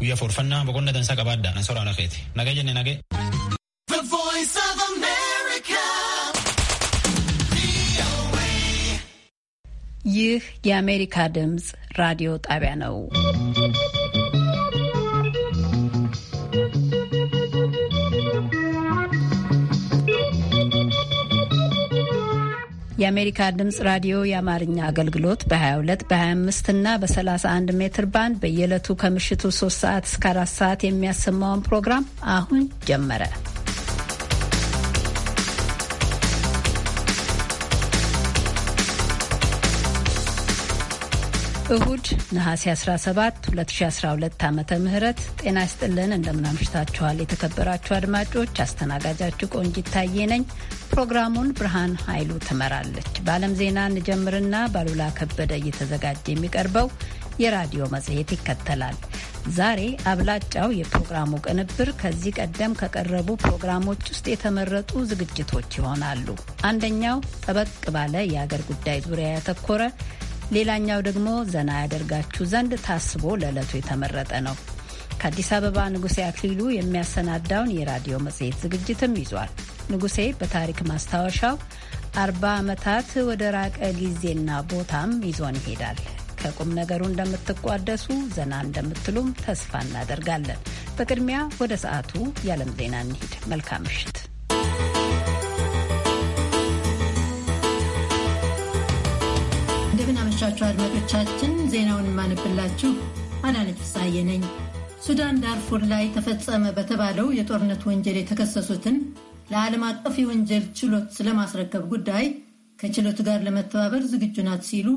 guyyaa forfannaa boqonna dansaa qabaadda nan soraana keeti nagee jenne nagee. ይህ የአሜሪካ ድምፅ ራዲዮ ጣቢያ ነው። የአሜሪካ ድምፅ ራዲዮ የአማርኛ አገልግሎት በ22 በ25 እና በ31 ሜትር ባንድ በየዕለቱ ከምሽቱ 3 ሰዓት እስከ 4 ሰዓት የሚያሰማውን ፕሮግራም አሁን ጀመረ። እሁድ ነሐሴ 17 2012 ዓ ም ጤና ይስጥልን። እንደምናምሽታችኋል የተከበራችሁ አድማጮች፣ አስተናጋጃችሁ ቆንጅ ይታየ ነኝ። ፕሮግራሙን ብርሃን ኃይሉ ትመራለች። በዓለም ዜና እንጀምርና ባሉላ ከበደ እየተዘጋጀ የሚቀርበው የራዲዮ መጽሔት ይከተላል። ዛሬ አብላጫው የፕሮግራሙ ቅንብር ከዚህ ቀደም ከቀረቡ ፕሮግራሞች ውስጥ የተመረጡ ዝግጅቶች ይሆናሉ። አንደኛው ጠበቅ ባለ የአገር ጉዳይ ዙሪያ ያተኮረ ሌላኛው ደግሞ ዘና ያደርጋችሁ ዘንድ ታስቦ ለዕለቱ የተመረጠ ነው። ከአዲስ አበባ ንጉሴ አክሊሉ የሚያሰናዳውን የራዲዮ መጽሔት ዝግጅትም ይዟል። ንጉሴ በታሪክ ማስታወሻው አርባ ዓመታት ወደ ራቀ ጊዜና ቦታም ይዞን ይሄዳል። ከቁም ነገሩ እንደምትቋደሱ ዘና እንደምትሉም ተስፋ እናደርጋለን። በቅድሚያ ወደ ሰዓቱ የዓለም ዜና እንሂድ። መልካም ምሽት። እንደምናመሻችሁ አድማጮቻችን፣ ዜናውን ማንብላችሁ አዳነች ፍስሐዬ ነኝ። ሱዳን ዳርፉር ላይ ተፈጸመ በተባለው የጦርነት ወንጀል የተከሰሱትን ለዓለም አቀፍ የወንጀል ችሎት ስለማስረከብ ጉዳይ ከችሎቱ ጋር ለመተባበር ዝግጁ ናት ሲሉ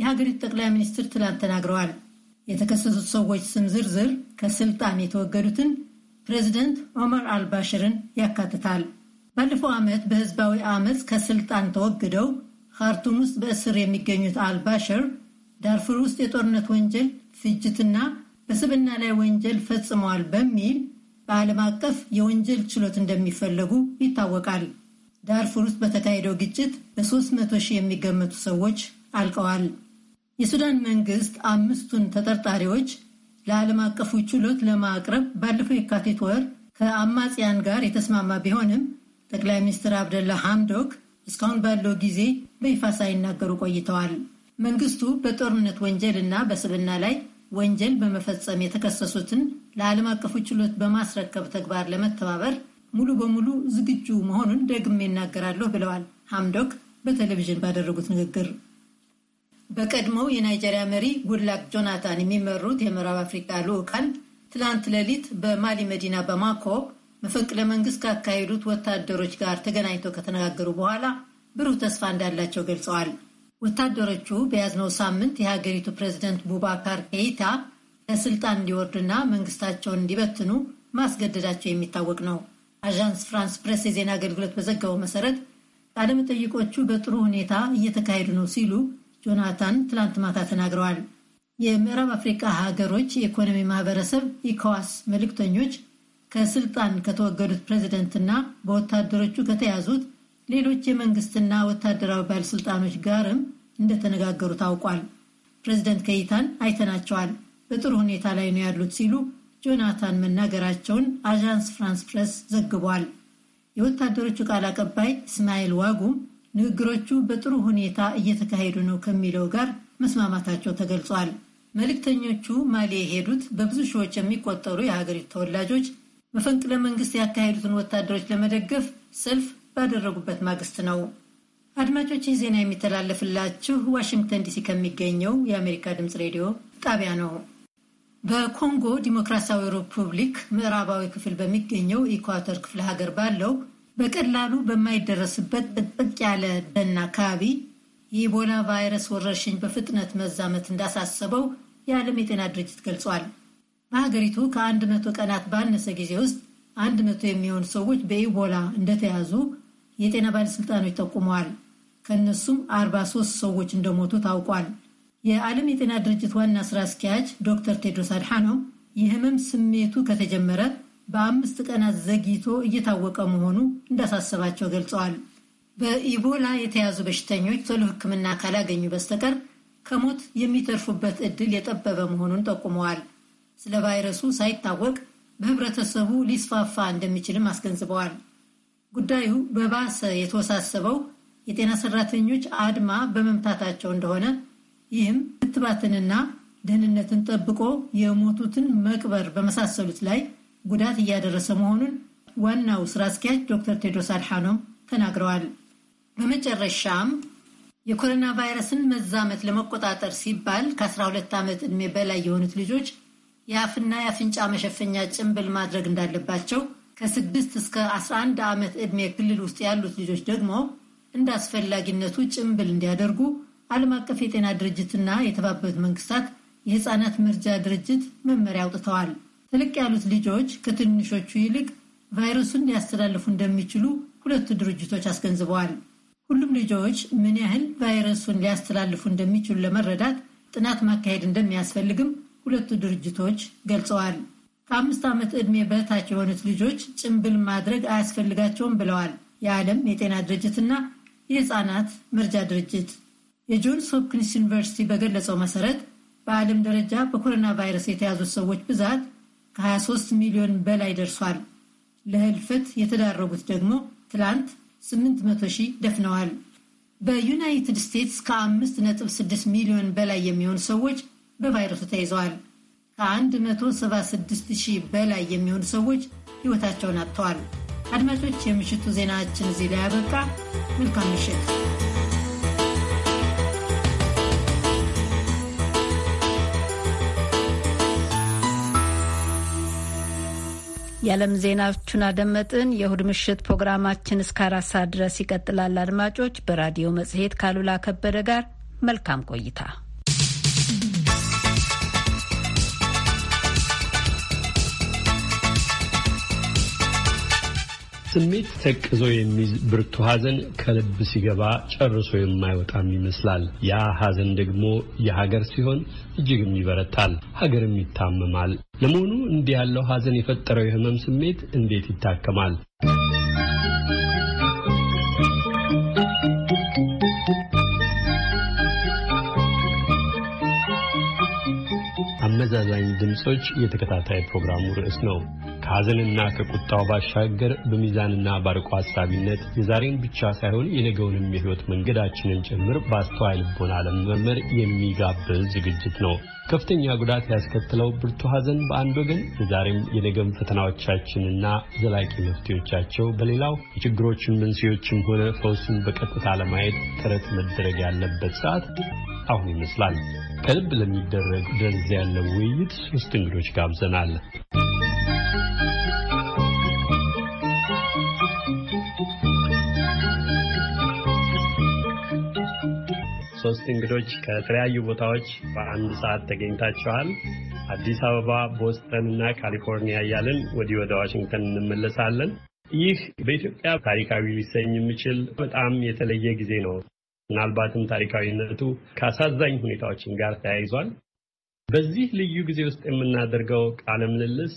የሀገሪቱ ጠቅላይ ሚኒስትር ትላንት ተናግረዋል። የተከሰሱት ሰዎች ስም ዝርዝር ከስልጣን የተወገዱትን ፕሬዚደንት ኦመር አልባሽርን ያካትታል። ባለፈው ዓመት በህዝባዊ አመፅ ከስልጣን ተወግደው ካርቱም ውስጥ በእስር የሚገኙት አልባሽር ዳርፉር ውስጥ የጦርነት ወንጀል፣ ፍጅትና በስብና ላይ ወንጀል ፈጽመዋል በሚል በዓለም አቀፍ የወንጀል ችሎት እንደሚፈለጉ ይታወቃል። ዳርፉር ውስጥ በተካሄደው ግጭት በ300 ሺህ የሚገመቱ ሰዎች አልቀዋል። የሱዳን መንግስት አምስቱን ተጠርጣሪዎች ለዓለም አቀፉ ችሎት ለማቅረብ ባለፈው የካቲት ወር ከአማጽያን ጋር የተስማማ ቢሆንም ጠቅላይ ሚኒስትር አብደላ ሐምዶክ እስካሁን ባለው ጊዜ በይፋ ሳይናገሩ ቆይተዋል። መንግስቱ በጦርነት ወንጀል እና በስብና ላይ ወንጀል በመፈጸም የተከሰሱትን ለዓለም አቀፉ ችሎት በማስረከብ ተግባር ለመተባበር ሙሉ በሙሉ ዝግጁ መሆኑን ደግሜ እናገራለሁ ብለዋል ሐምዶክ በቴሌቪዥን ባደረጉት ንግግር። በቀድሞው የናይጀሪያ መሪ ጉድላክ ጆናታን የሚመሩት የምዕራብ አፍሪካ ልዑካን ትላንት ሌሊት በማሊ መዲና በማኮ መፈንቅለ መንግስት ካካሄዱት ወታደሮች ጋር ተገናኝተው ከተነጋገሩ በኋላ ብሩህ ተስፋ እንዳላቸው ገልጸዋል። ወታደሮቹ በያዝነው ሳምንት የሀገሪቱ ፕሬዚደንት ቡባካር ኬይታ ከስልጣን እንዲወርዱና መንግስታቸውን እንዲበትኑ ማስገደዳቸው የሚታወቅ ነው። አዣንስ ፍራንስ ፕሬስ የዜና አገልግሎት በዘገበው መሰረት ቃለመጠይቆቹ በጥሩ ሁኔታ እየተካሄዱ ነው ሲሉ ጆናታን ትላንት ማታ ተናግረዋል። የምዕራብ አፍሪካ ሀገሮች የኢኮኖሚ ማህበረሰብ ኢኮዋስ መልእክተኞች ከስልጣን ከተወገዱት ፕሬዚደንትና በወታደሮቹ ከተያዙት ሌሎች የመንግስትና ወታደራዊ ባለሥልጣኖች ጋርም እንደተነጋገሩ ታውቋል። ፕሬዚደንት ከይታን አይተናቸዋል፣ በጥሩ ሁኔታ ላይ ነው ያሉት ሲሉ ጆናታን መናገራቸውን አዣንስ ፍራንስ ፕሬስ ዘግቧል። የወታደሮቹ ቃል አቀባይ እስማኤል ዋጉም ንግግሮቹ በጥሩ ሁኔታ እየተካሄዱ ነው ከሚለው ጋር መስማማታቸው ተገልጿል። መልእክተኞቹ ማሊ የሄዱት በብዙ ሺዎች የሚቆጠሩ የሀገሪቱ ተወላጆች መፈንቅለ መንግስት ያካሄዱትን ወታደሮች ለመደገፍ ሰልፍ ባደረጉበት ማግስት ነው። አድማጮች ይህ ዜና የሚተላለፍላችሁ ዋሽንግተን ዲሲ ከሚገኘው የአሜሪካ ድምፅ ሬዲዮ ጣቢያ ነው። በኮንጎ ዲሞክራሲያዊ ሪፑብሊክ ምዕራባዊ ክፍል በሚገኘው ኢኳቶር ክፍለ ሀገር ባለው በቀላሉ በማይደረስበት ጥቅጥቅ ያለ ደን አካባቢ የኢቦላ ቫይረስ ወረርሽኝ በፍጥነት መዛመት እንዳሳሰበው የዓለም የጤና ድርጅት ገልጿል። በሀገሪቱ ከአንድ መቶ ቀናት ባነሰ ጊዜ ውስጥ አንድ መቶ የሚሆኑ ሰዎች በኢቦላ እንደተያዙ የጤና ባለሥልጣኖች ጠቁመዋል። ከእነሱም 43 ሰዎች እንደሞቱ ታውቋል። የዓለም የጤና ድርጅት ዋና ስራ አስኪያጅ ዶክተር ቴድሮስ አድሓኖም የህመም ስሜቱ ከተጀመረ በአምስት ቀናት ዘግይቶ እየታወቀ መሆኑ እንዳሳሰባቸው ገልጸዋል። በኢቦላ የተያዙ በሽተኞች ቶሎ ሕክምና ካላገኙ በስተቀር ከሞት የሚተርፉበት ዕድል የጠበበ መሆኑን ጠቁመዋል። ስለ ቫይረሱ ሳይታወቅ በህብረተሰቡ ሊስፋፋ እንደሚችልም አስገንዝበዋል። ጉዳዩ በባሰ የተወሳሰበው የጤና ሰራተኞች አድማ በመምታታቸው እንደሆነ ይህም ክትባትንና ደህንነትን ጠብቆ የሞቱትን መቅበር በመሳሰሉት ላይ ጉዳት እያደረሰ መሆኑን ዋናው ስራ አስኪያጅ ዶክተር ቴድሮስ አድሓኖም ተናግረዋል። በመጨረሻም የኮሮና ቫይረስን መዛመት ለመቆጣጠር ሲባል ከ12 ዓመት ዕድሜ በላይ የሆኑት ልጆች የአፍና የአፍንጫ መሸፈኛ ጭንብል ማድረግ እንዳለባቸው ከስድስት እስከ 11 ዓመት ዕድሜ ክልል ውስጥ ያሉት ልጆች ደግሞ እንደ አስፈላጊነቱ ጭምብል እንዲያደርጉ ዓለም አቀፍ የጤና ድርጅትና የተባበሩት መንግስታት የህፃናት መርጃ ድርጅት መመሪያ አውጥተዋል። ትልቅ ያሉት ልጆች ከትንሾቹ ይልቅ ቫይረሱን ሊያስተላልፉ እንደሚችሉ ሁለቱ ድርጅቶች አስገንዝበዋል። ሁሉም ልጆች ምን ያህል ቫይረሱን ሊያስተላልፉ እንደሚችሉ ለመረዳት ጥናት ማካሄድ እንደሚያስፈልግም ሁለቱ ድርጅቶች ገልጸዋል። ከአምስት ዓመት ዕድሜ በታች የሆኑት ልጆች ጭንብል ማድረግ አያስፈልጋቸውም ብለዋል የዓለም የጤና ድርጅትና የሕፃናት መርጃ ድርጅት። የጆንስ ሆፕኪንስ ዩኒቨርሲቲ በገለጸው መሰረት በዓለም ደረጃ በኮሮና ቫይረስ የተያዙት ሰዎች ብዛት ከ23 ሚሊዮን በላይ ደርሷል። ለህልፈት የተዳረጉት ደግሞ ትላንት 800 ሺህ ደፍነዋል። በዩናይትድ ስቴትስ ከ5.6 ሚሊዮን በላይ የሚሆኑ ሰዎች በቫይረሱ ተይዘዋል። ከ176 ሺህ በላይ የሚሆኑ ሰዎች ሕይወታቸውን አጥተዋል። አድማጮች፣ የምሽቱ ዜናችን እዚህ ላይ ያበቃ። መልካም ምሽት። የዓለም ዜናዎቹን አደመጥን። የእሁድ ምሽት ፕሮግራማችን እስከ አራት ሰዓት ድረስ ይቀጥላል። አድማጮች፣ በራዲዮ መጽሔት ካሉላ ከበደ ጋር መልካም ቆይታ ስሜት ተቅዞ የሚይዝ ብርቱ ሐዘን ከልብ ሲገባ ጨርሶ የማይወጣም ይመስላል። ያ ሐዘን ደግሞ የሀገር ሲሆን እጅግም ይበረታል፣ ሀገርም ይታመማል። ለመሆኑ እንዲህ ያለው ሐዘን የፈጠረው የህመም ስሜት እንዴት ይታከማል? አመዛዛኝ ድምፆች የተከታታይ ፕሮግራሙ ርዕስ ነው። ከሐዘንና ከቁጣው ባሻገር በሚዛንና ባርቆ አሳቢነት የዛሬን ብቻ ሳይሆን የነገውንም የሕይወት መንገዳችንን ጭምር በአስተዋይ ልቦና ለመመርመር የሚጋብዝ ዝግጅት ነው። ከፍተኛ ጉዳት ያስከትለው ብርቱ ሐዘን በአንድ ወገን፣ የዛሬም የነገም ፈተናዎቻችንና ዘላቂ መፍትሄዎቻቸው በሌላው የችግሮችን መንስኤዎችም ሆነ ፈውሱን በቀጥታ ለማየት ጥረት መደረግ ያለበት ሰዓት አሁን ይመስላል። ከልብ ለሚደረግ ደረጃ ያለው ውይይት ሶስት እንግዶች ጋብዘናል። ሶስት እንግዶች ከተለያዩ ቦታዎች በአንድ ሰዓት ተገኝታችኋል። አዲስ አበባ፣ ቦስተን እና ካሊፎርኒያ እያልን ወዲህ ወደ ዋሽንግተን እንመለሳለን። ይህ በኢትዮጵያ ታሪካዊ ሊሰኝ የሚችል በጣም የተለየ ጊዜ ነው። ምናልባትም ታሪካዊነቱ ከአሳዛኝ ሁኔታዎችን ጋር ተያይዟል። በዚህ ልዩ ጊዜ ውስጥ የምናደርገው ቃለ ምልልስ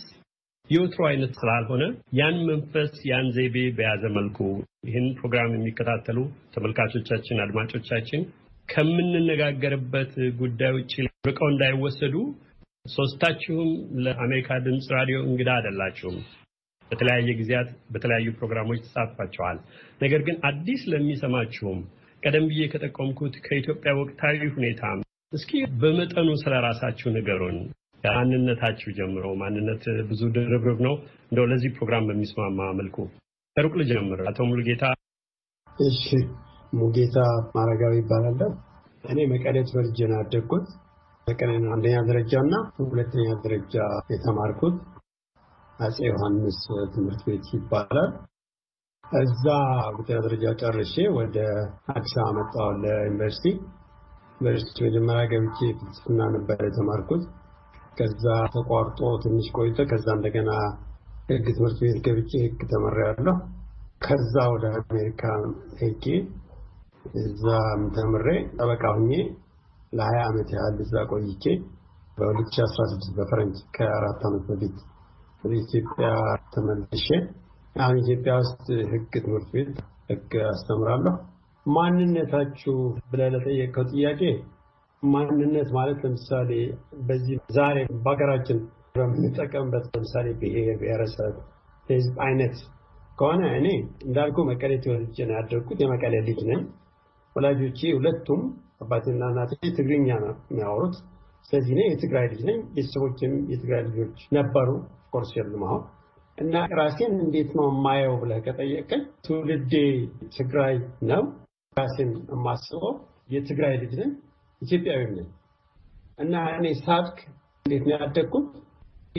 የወትሮ አይነት ስላልሆነ ያን መንፈስ ያን ዘይቤ በያዘ መልኩ ይህን ፕሮግራም የሚከታተሉ ተመልካቾቻችን፣ አድማጮቻችን ከምንነጋገርበት ጉዳይ ውጭ ርቀው እንዳይወሰዱ ሶስታችሁም ለአሜሪካ ድምፅ ራዲዮ እንግዳ አይደላችሁም። በተለያየ ጊዜያት በተለያዩ ፕሮግራሞች ተሳትፋችኋል። ነገር ግን አዲስ ለሚሰማችሁም ቀደም ብዬ ከጠቆምኩት ከኢትዮጵያ ወቅታዊ ሁኔታ እስኪ በመጠኑ ስለ ራሳችሁ ንገሩን። ከማንነታችሁ ጀምሮ ማንነት ብዙ ድርብርብ ነው። እንደው ለዚህ ፕሮግራም በሚስማማ መልኩ ሩቅ ልጀምር። አቶ ሙሉጌታ እሺ ሙጌታ ማረጋዊ ይባላለሁ። እኔ መቀሌ ተወልጄ ነው ያደግኩት። መቀሌ አንደኛ ደረጃ እና ሁለተኛ ደረጃ የተማርኩት አጼ ዮሐንስ ትምህርት ቤት ይባላል። እዛ ሁለተኛ ደረጃ ጨርሼ ወደ አዲስ አበባ መጣሁ ለዩኒቨርሲቲ። ዩኒቨርሲቲ መጀመሪያ ገብቼ ፍልስፍና ነበር የተማርኩት። ከዛ ተቋርጦ ትንሽ ቆይቶ ከዛ እንደገና ህግ ትምህርት ቤት ገብቼ ህግ ተመራ ያለሁ። ከዛ ወደ አሜሪካ ሄጄ እዛም ተምሬ ጠበቃ ሁኜ ለ20 ዓመት ያህል እዛ ቆይቼ በ2016 በፈረንጅ ከአራት ዓመት በፊት ወደ ኢትዮጵያ ተመልሼ አሁን ኢትዮጵያ ውስጥ ሕግ ትምህርት ቤት ሕግ አስተምራለሁ። ማንነታችሁ ብለህ ለጠየቀው ጥያቄ ማንነት ማለት ለምሳሌ በዚህ ዛሬ በሀገራችን በምንጠቀምበት ለምሳሌ ብሔር፣ ብሔረሰብ፣ ህዝብ አይነት ከሆነ እኔ እንዳልኩ መቀሌ ተወልጄ ነው ያደርኩት። የመቀሌ ልጅ ነኝ። ወላጆቼ ሁለቱም አባቴና እናቴ ትግርኛ ነው የሚያወሩት። ስለዚህ እኔ የትግራይ ልጅ ነኝ። ቤተሰቦችም የትግራይ ልጆች ነበሩ፣ ኮርስ የሉም አሁን እና ራሴን እንዴት ነው የማየው ብለህ ከጠየቀኝ ትውልዴ ትግራይ ነው። ራሴን የማስበው የትግራይ ልጅ ነኝ፣ ኢትዮጵያዊም ነኝ እና እኔ ሳድግ እንዴት ነው ያደግኩት?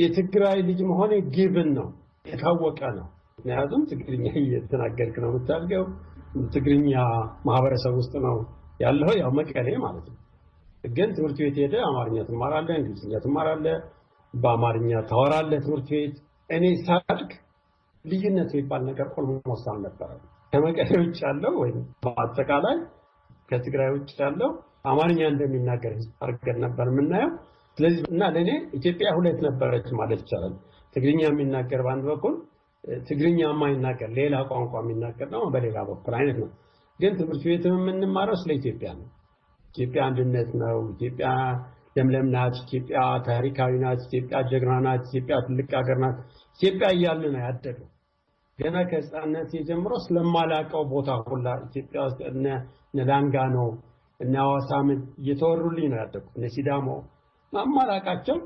የትግራይ ልጅ መሆኔ ግብን ነው የታወቀ ነው። ምክንያቱም ትግርኛ እየተናገርክ ነው የምታድገው ትግርኛ ማህበረሰብ ውስጥ ነው ያለው፣ ያው መቀሌ ማለት ነው። ግን ትምህርት ቤት ሄደ አማርኛ ትማራለህ፣ እንግሊዝኛ ትማራለህ፣ በአማርኛ ታወራለ ትምህርት ቤት። እኔ ሳድግ ልዩነት የሚባል ነገር ኦልሞስት አልነበረ። ከመቀሌ ውጭ ያለው ወይም በአጠቃላይ ከትግራይ ውጭ ያለው አማርኛ እንደሚናገር ህዝብ አድርገን ነበር የምናየው። ስለዚህ እና ለእኔ ኢትዮጵያ ሁለት ነበረች ማለት ይቻላል። ትግርኛ የሚናገር በአንድ በኩል ትግርኛ የማይናገር ሌላ ቋንቋ የሚናገር ደግሞ በሌላ በኩል አይነት ነው። ግን ትምህርት ቤትም የምንማረው ስለ ኢትዮጵያ ነው። ኢትዮጵያ አንድነት ነው። ኢትዮጵያ ለምለም ናት። ኢትዮጵያ ታሪካዊ ናት። ኢትዮጵያ ጀግና ናት። ኢትዮጵያ ትልቅ ሀገር ናት። ኢትዮጵያ እያለ ነው ያደገው። ገና ከህፃነት ጀምሮ ስለማላቀው ቦታ ሁላ ኢትዮጵያ ውስጥ እነ ነው እነ ሐዋሳምን እየተወሩልኝ ነው ያደጉት። እነ ሲዳሞ ማማላቃቸው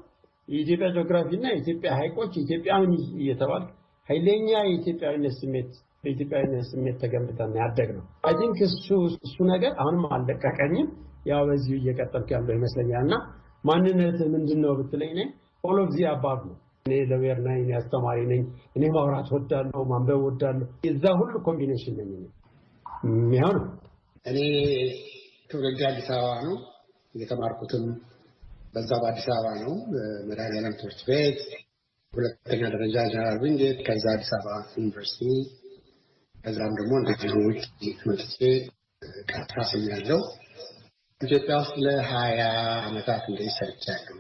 የኢትዮጵያ ጂኦግራፊ እና የኢትዮጵያ ሀይቆች ኢትዮጵያን እየተባል ኃይለኛ የኢትዮጵያዊነት ስሜት በኢትዮጵያዊነት ስሜት ተገንብተን ያደግ ነው። አይ ቲንክ እሱ እሱ ነገር አሁንም አልለቀቀኝም። ያው በዚሁ እየቀጠልኩ ያለው ይመስለኛል። እና ማንነት ምንድን ነው ብትለኝ ነ ኦል ኦፍ ዚ አባብ ነው። እኔ ለዌር ነኝ፣ አስተማሪ ነኝ፣ እኔ ማውራት ወዳለሁ፣ ማንበብ ወዳለሁ። የዛ ሁሉ ኮምቢኔሽን ነኝ ያው ነው። እኔ ትውልድ አዲስ አበባ ነው የተማርኩትም በዛ በአዲስ አበባ ነው። መድኃኒዓለም ትምህርት ቤት ሁለተኛ ደረጃ ጀነራል ዊንጌት፣ ከዛ አዲስ አበባ ዩኒቨርሲቲ፣ ከዛም ደግሞ እንደዚሁ ውጭ መጥቼ ቀጥታ ስም ያለው ኢትዮጵያ ውስጥ ለሀያ ዓመታት እንደ ሰርቻለሁ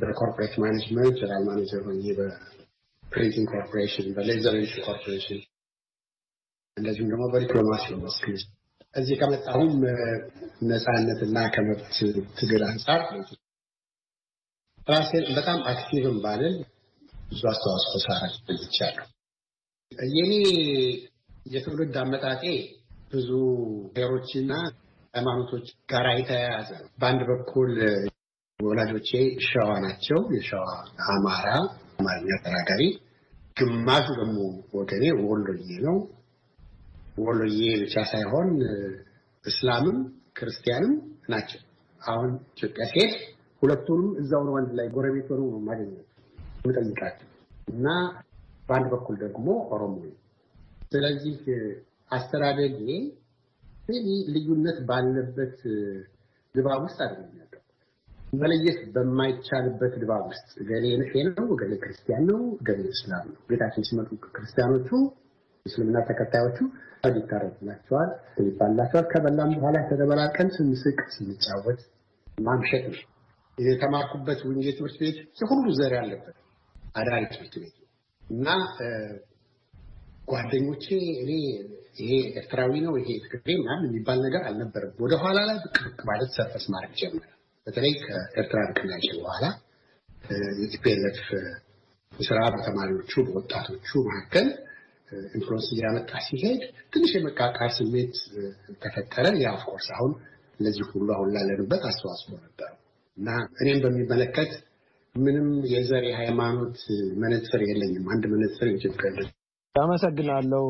በኮርፖሬት ማኔጅመንት ጀነራል ማኔጀር ሆኜ በፕሪንቲንግ ኮርፖሬሽን፣ በሌዘር ኢንዱስትሪ ኮርፖሬሽን እንደዚሁም ደግሞ በዲፕሎማሲ መስክ እዚህ ከመጣሁም ነፃነትና ከመብት ትግል አንጻር ራሴን በጣም አክቲቭም ባልል ብዙ አስተዋጽኦ ሳረግ ብቻለሁ። የኔ የትውልድ አመጣጤ ብዙ ብሔሮችና ሃይማኖቶች ጋር የተያያዘ በአንድ በኩል ወላጆቼ ሸዋ ናቸው። የሸዋ አማራ፣ አማርኛ ተናጋሪ። ግማሹ ደግሞ ወገኔ ወሎዬ ነው። ወሎዬ ብቻ ሳይሆን እስላምም ክርስቲያንም ናቸው። አሁን ኢትዮጵያ ሲሄድ ሁለቱንም እዛው ነው አንድ ላይ ጎረቤት ሆኖ ነው ማገኘት የምጠይቃቸው እና በአንድ በኩል ደግሞ ኦሮሞ ስለዚህ አስተዳደጌ ልዩነት ባለበት ድባብ ውስጥ አይደለም ያለው። መለየት በማይቻልበት ድባብ ውስጥ ገሌ ንፌ ነው፣ ገሌ ክርስቲያን ነው፣ ገሌ እስላም ነው። ቤታችን ሲመጡ ክርስቲያኖቹ እስልምና ተከታዮቹ ይታረድላቸዋል፣ ይባላቸዋል። ከበላም በኋላ ተደበላቀን ስንስቅ ስንጫወት ማምሸት ነው። የተማርኩበት ወንጌ ትምህርት ቤት የሁሉ ዘር ያለበት አዳሪ ትምህርት ቤት ነው እና ጓደኞቼ እኔ ይሄ ኤርትራዊ ነው ይሄ ትግሬ ምናምን የሚባል ነገር አልነበረም። ወደኋላ ላይ ብቅብቅ ማለት ሰርፈስ ማድረግ ጀመረ። በተለይ ከኤርትራ ንቅናቄ በኋላ የቲፒኤልኤፍ ስራ በተማሪዎቹ በወጣቶቹ መካከል ኢንፍሉንስ እያመጣ ሲሄድ ትንሽ የመቃቃር ስሜት ተፈጠረ። ያ ኦፍኮርስ አሁን ለዚህ ሁሉ አሁን ላለንበት አስተዋጽኦ ነበረው። እና እኔም በሚመለከት ምንም የዘር የሃይማኖት መነጽር የለኝም። አንድ መነጽር ኢትዮጵያ አመሰግናለሁ።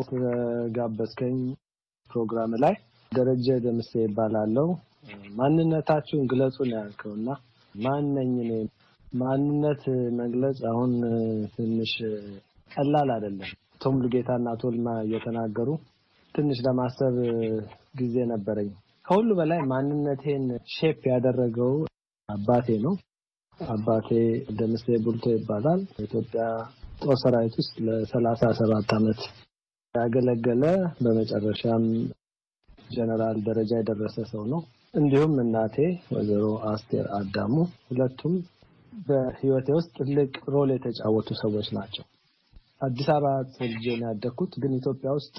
ፕሮግራም ላይ ደረጀ ደምሴ ይባላለው። ማንነታችሁን ግለጹ ነው ያልከው እና ማነኝ እኔ ማንነት መግለጽ አሁን ትንሽ ቀላል አይደለም። ቶም ልጌታ እና ቶልማ እየተናገሩ ትንሽ ለማሰብ ጊዜ ነበረኝ። ከሁሉ በላይ ማንነቴን ሼፕ ያደረገው አባቴ ነው። አባቴ ደምሴ ቡልቶ ይባላል። በኢትዮጵያ ጦር ሰራዊት ውስጥ ለሰላሳ ሰባት ዓመት ያገለገለ በመጨረሻም ጀነራል ደረጃ የደረሰ ሰው ነው። እንዲሁም እናቴ ወይዘሮ አስቴር አዳሙ ሁለቱም በህይወቴ ውስጥ ትልቅ ሮል የተጫወቱ ሰዎች ናቸው። አዲስ አበባ ተወልጄ ነው ያደግኩት፣ ግን ኢትዮጵያ ውስጥ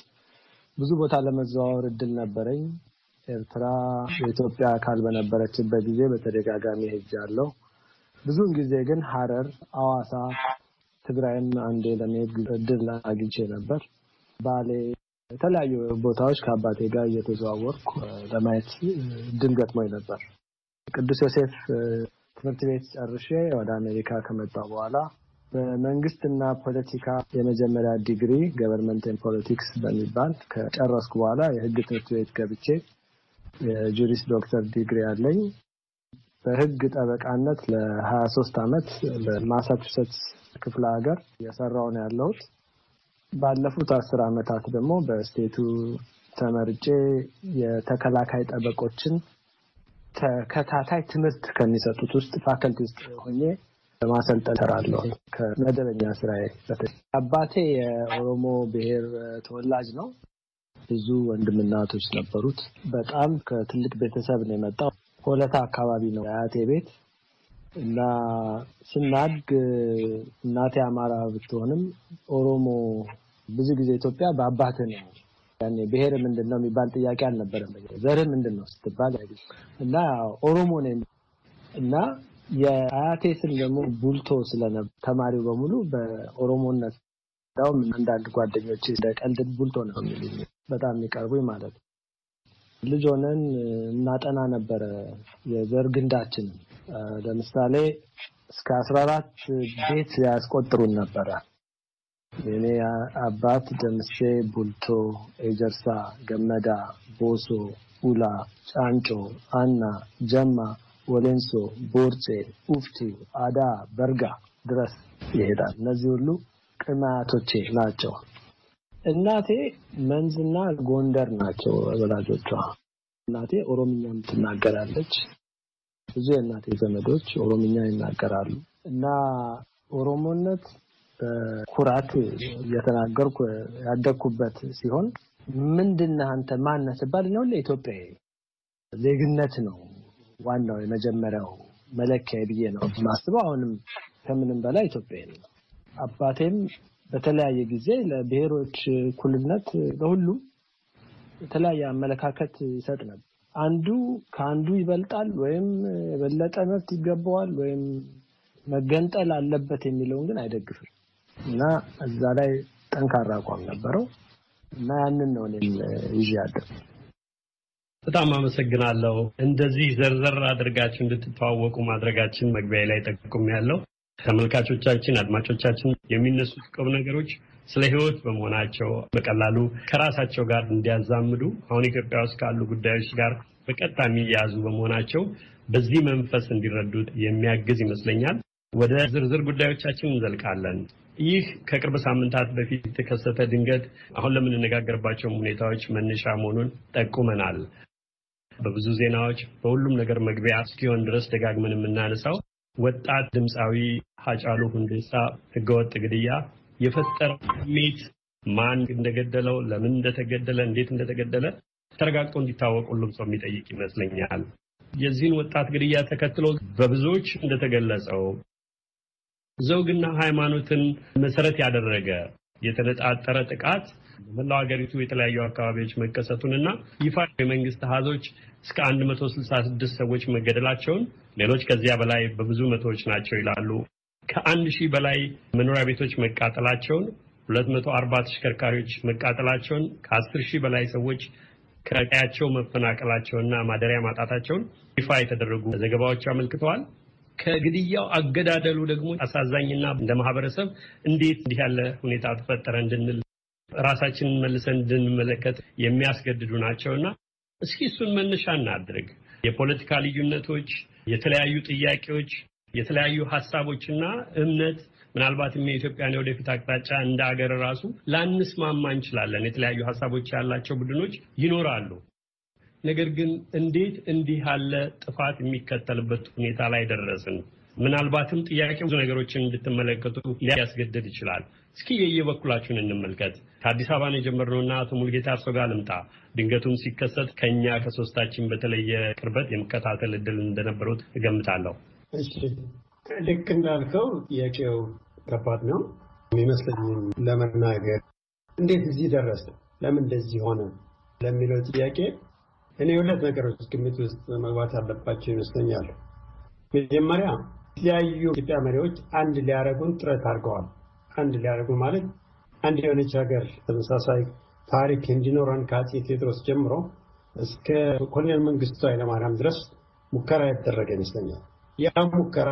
ብዙ ቦታ ለመዘዋወር እድል ነበረኝ። ኤርትራ የኢትዮጵያ አካል በነበረችበት ጊዜ በተደጋጋሚ ሄጃለሁ። ብዙውን ጊዜ ግን ሀረር አዋሳ፣ ትግራይም አንዴ ለመሄድ እድል አግኝቼ ነበር። ባሌ፣ የተለያዩ ቦታዎች ከአባቴ ጋር እየተዘዋወርኩ ለማየት እድል ገጥሞኝ ነበር። ቅዱስ ዮሴፍ ትምህርት ቤት ጨርሼ ወደ አሜሪካ ከመጣሁ በኋላ በመንግስትና ፖለቲካ የመጀመሪያ ዲግሪ ገቨርንመንት ፖለቲክስ በሚባል ከጨረስኩ በኋላ የህግ ትምህርት ቤት ገብቼ የጁሪስ ዶክተር ዲግሪ አለኝ። በህግ ጠበቃነት ለ23 ዓመት በማሳቹሴትስ ክፍለ ሀገር የሰራው ነው ያለሁት። ባለፉት አስር ዓመታት ደግሞ በስቴቱ ተመርጬ የተከላካይ ጠበቆችን ተከታታይ ትምህርት ከሚሰጡት ውስጥ ፋከልቲ ውስጥ ሆኜ በማሰልጠን ሰራለሁ። ከመደበኛ ስራዬ አባቴ የኦሮሞ ብሔር ተወላጅ ነው። ብዙ ወንድምና እህቶች ነበሩት። በጣም ከትልቅ ቤተሰብ ነው የመጣው። ሆለታ አካባቢ ነው አያቴ ቤት እና ስናድግ እናቴ አማራ ብትሆንም ኦሮሞ ብዙ ጊዜ ኢትዮጵያ በአባት ነው ያኔ ብሔር ምንድን ነው የሚባል ጥያቄ አልነበረም። ዘር ምንድን ነው ስትባል እና ኦሮሞ ነ እና የአያቴ ስም ደግሞ ቡልቶ ስለነበር ተማሪው በሙሉ በኦሮሞነት እንዳውም አንዳንድ ጓደኞች እንደ ቀልድ ቡልቶ ነው የሚሉኝ። በጣም የሚቀርቡኝ ማለት ነው። ልጅ ሆነን እናጠና ነበረ የዘር ግንዳችንን። ለምሳሌ እስከ አስራ አራት ቤት ያስቆጥሩን ነበረ። የኔ አባት ደምሴ፣ ቡልቶ፣ ኤጀርሳ፣ ገመዳ፣ ቦሶ፣ ኡላ፣ ጫንጮ፣ አና፣ ጀማ፣ ወሌንሶ፣ ቦርጬ፣ ኡፍቲ፣ አዳ፣ በርጋ ድረስ ይሄዳል። እነዚህ ሁሉ ቅማቶቼ ናቸው። እናቴ መንዝና ጎንደር ናቸው ወላጆቿ። እናቴ ኦሮምኛም ትናገራለች። ብዙ የእናቴ ዘመዶች ኦሮምኛ ይናገራሉ እና ኦሮሞነት በኩራት እየተናገርኩ ያደግኩበት ሲሆን ምንድነህ አንተ ማነህ ስባል ነው ለኢትዮጵያ ዜግነት ነው ዋናው የመጀመሪያው መለኪያ ብዬ ነው ማስበው። አሁንም ከምንም በላይ ኢትዮጵያ ነው። አባቴም በተለያየ ጊዜ ለብሔሮች እኩልነት ለሁሉም የተለያየ አመለካከት ይሰጥ ነበር። አንዱ ከአንዱ ይበልጣል ወይም የበለጠ መብት ይገባዋል ወይም መገንጠል አለበት የሚለውን ግን አይደግፍም እና እዛ ላይ ጠንካራ አቋም ነበረው እና ያንን ነው እኔም ይዤ ያለው። በጣም አመሰግናለሁ። እንደዚህ ዘርዘር አድርጋችሁ እንድትተዋወቁ ማድረጋችን መግቢያ ላይ ጠቁም ያለው ተመልካቾቻችን፣ አድማጮቻችን የሚነሱት ቁም ነገሮች ስለ ህይወት በመሆናቸው በቀላሉ ከራሳቸው ጋር እንዲያዛምዱ አሁን ኢትዮጵያ ውስጥ ካሉ ጉዳዮች ጋር በቀጥታ የሚያያዙ በመሆናቸው በዚህ መንፈስ እንዲረዱት የሚያግዝ ይመስለኛል። ወደ ዝርዝር ጉዳዮቻችን እንዘልቃለን። ይህ ከቅርብ ሳምንታት በፊት የተከሰተ ድንገት አሁን ለምንነጋገርባቸውም ሁኔታዎች መነሻ መሆኑን ጠቁመናል። በብዙ ዜናዎች በሁሉም ነገር መግቢያ እስኪሆን ድረስ ደጋግመን የምናነሳው ወጣት ድምፃዊ ሀጫሉ ሁንዴሳ ህገወጥ ግድያ የፈጠረ ስሜት ማን እንደገደለው፣ ለምን እንደተገደለ፣ እንዴት እንደተገደለ ተረጋግጦ እንዲታወቅ ሁሉም ሰው የሚጠይቅ ይመስለኛል። የዚህን ወጣት ግድያ ተከትሎ በብዙዎች እንደተገለጸው ዘውግና ሃይማኖትን መሰረት ያደረገ የተነጣጠረ ጥቃት በመላው ሀገሪቱ የተለያዩ አካባቢዎች እና ይፋ የመንግስት አሃዞች እስከ 166 ሰዎች መገደላቸውን ሌሎች ከዚያ በላይ በብዙ መቶዎች ናቸው ይላሉ። ከአንድ ሺህ በላይ መኖሪያ ቤቶች መቃጠላቸውን፣ ሁለት መቶ አርባ ተሽከርካሪዎች መቃጠላቸውን፣ ከአስር ሺህ በላይ ሰዎች ከቀያቸው መፈናቀላቸውና ማደሪያ ማጣታቸውን ይፋ የተደረጉ ዘገባዎች አመልክተዋል። ከግድያው አገዳደሉ ደግሞ አሳዛኝና እንደ ማህበረሰብ እንዴት እንዲህ ያለ ሁኔታ ተፈጠረ እንድንል ራሳችንን መልሰን እንድንመለከት የሚያስገድዱ ናቸውና እስኪ እሱን መነሻ እናድርግ። የፖለቲካ ልዩነቶች የተለያዩ ጥያቄዎች፣ የተለያዩ ሀሳቦችና እምነት ምናልባትም የኢትዮጵያን የወደፊት አቅጣጫ እንደ ሀገር ራሱ ላንስማማ እንችላለን። የተለያዩ ሀሳቦች ያላቸው ቡድኖች ይኖራሉ። ነገር ግን እንዴት እንዲህ ያለ ጥፋት የሚከተልበት ሁኔታ ላይ ደረስን? ምናልባትም ጥያቄ ብዙ ነገሮችን እንድትመለከቱ ሊያስገድድ ይችላል። እስኪ የየበኩላችሁን እንመልከት። ከአዲስ አበባ ነው የጀመርነውና አቶ ሙልጌታ እርሶ ጋር ልምጣ። ድንገቱም ሲከሰት ከእኛ ከሶስታችን በተለየ ቅርበት የመከታተል እድል እንደነበሩት እገምታለሁ። እሺ፣ ልክ እንዳልከው ጥያቄው ከባድ ነው የሚመስለኝም ለመናገር እንዴት እዚህ ደረሰ፣ ለምን እንደዚህ ሆነ ለሚለው ጥያቄ እኔ ሁለት ነገሮች ግምት ውስጥ መግባት ያለባቸው ይመስለኛል። መጀመሪያ የተለያዩ ኢትዮጵያ መሪዎች አንድ ሊያደረጉን ጥረት አድርገዋል። አንድ ሊያደርጉ ማለት አንድ የሆነች ሀገር ተመሳሳይ ታሪክ እንዲኖረን ከአፄ ቴዎድሮስ ጀምሮ እስከ ኮሎኔል መንግስቱ ኃይለማርያም ድረስ ሙከራ የተደረገ ይመስለኛል። ያ ሙከራ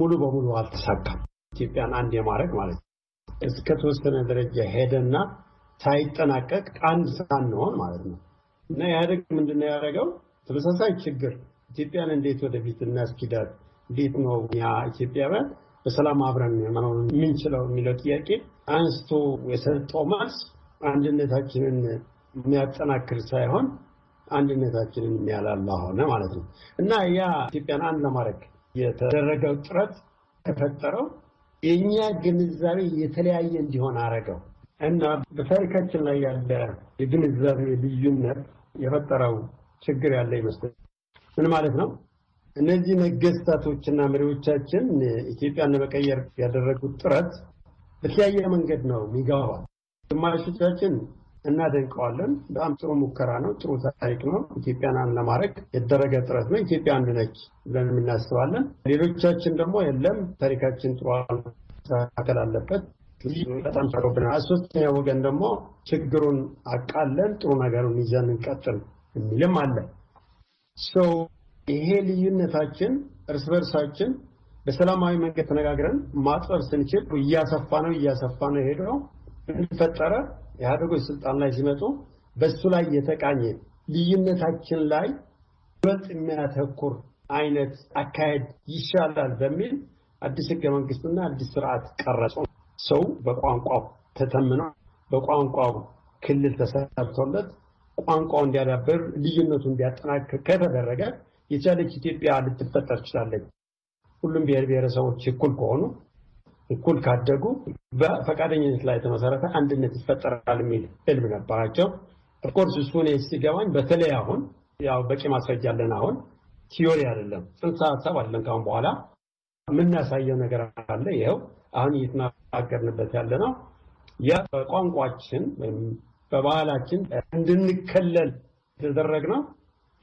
ሙሉ በሙሉ አልተሳካም። ኢትዮጵያን አንድ የማድረግ ማለት እስከ ተወሰነ ደረጃ ሄደና ሳይጠናቀቅ አንድ ሳንሆን ማለት ነው። እና ኢህአዴግ ምንድነው ያደረገው? ተመሳሳይ ችግር ኢትዮጵያን እንዴት ወደፊት እናስኪዳት፣ እንዴት ነው ያ ኢትዮጵያውያን በሰላም አብረን መኖር የምንችለው የሚለው ጥያቄ አንስቶ የሰጠው መልስ አንድነታችንን የሚያጠናክር ሳይሆን አንድነታችንን የሚያላላ ሆነ ማለት ነው እና ያ ኢትዮጵያን አንድ ለማድረግ የተደረገው ጥረት ከፈጠረው የእኛ ግንዛቤ የተለያየ እንዲሆን አረገው እና በታሪካችን ላይ ያለ የግንዛቤ ልዩነት የፈጠረው ችግር ያለ ይመስላል። ምን ማለት ነው? እነዚህ ነገስታቶችና መሪዎቻችን ኢትዮጵያን ለመቀየር ያደረጉት ጥረት በተለያየ መንገድ ነው የሚገባ። ግማሾቻችን እናደንቀዋለን። በጣም ጥሩ ሙከራ ነው፣ ጥሩ ታሪክ ነው። ኢትዮጵያን ለማድረግ የተደረገ ጥረት ነው። ኢትዮጵያ አንድ ነች ብለን የምናስባለን። ሌሎቻችን ደግሞ የለም፣ ታሪካችን ጥሩ መስተካከል አለበት በጣም ብናል። ሶስተኛ ወገን ደግሞ ችግሩን አቃለን ጥሩ ነገሩን ይዘን እንቀጥል የሚልም አለ። ይሄ ልዩነታችን እርስ በርሳችን በሰላማዊ መንገድ ተነጋግረን ማጥበብ ስንችል እያሰፋ ነው እያሰፋ ነው ሄዶ እንፈጠረ ኢህአዴጎች ስልጣን ላይ ሲመጡ በሱ ላይ የተቃኘ ልዩነታችን ላይ ይበልጥ የሚያተኩር አይነት አካሄድ ይሻላል በሚል አዲስ ህገ መንግስትና አዲስ ስርዓት ቀረጹ። ሰው በቋንቋው ተተምኖ በቋንቋው ክልል ተሰርቶለት ቋንቋው እንዲያዳብር ልዩነቱ እንዲያጠናክር ከተደረገ የቻለች ኢትዮጵያ ልትፈጠር ትችላለች። ሁሉም ብሔር ብሔረሰቦች እኩል ከሆኑ እኩል ካደጉ በፈቃደኝነት ላይ የተመሰረተ አንድነት ይፈጠራል የሚል እልም ነበራቸው። ኦፍኮርስ እሱ እኔ ሲገባኝ በተለይ አሁን ያው በቂ ማስረጃ አለን። አሁን ቲዮሪ አይደለም ጽንሰ ሀሳብ አይደለም። ካሁን በኋላ የምናሳየው ነገር አለ። ይኸው አሁን እየተናገርንበት ያለ ነው። ወይም በባህላችን እንድንከለል የተደረግ ነው።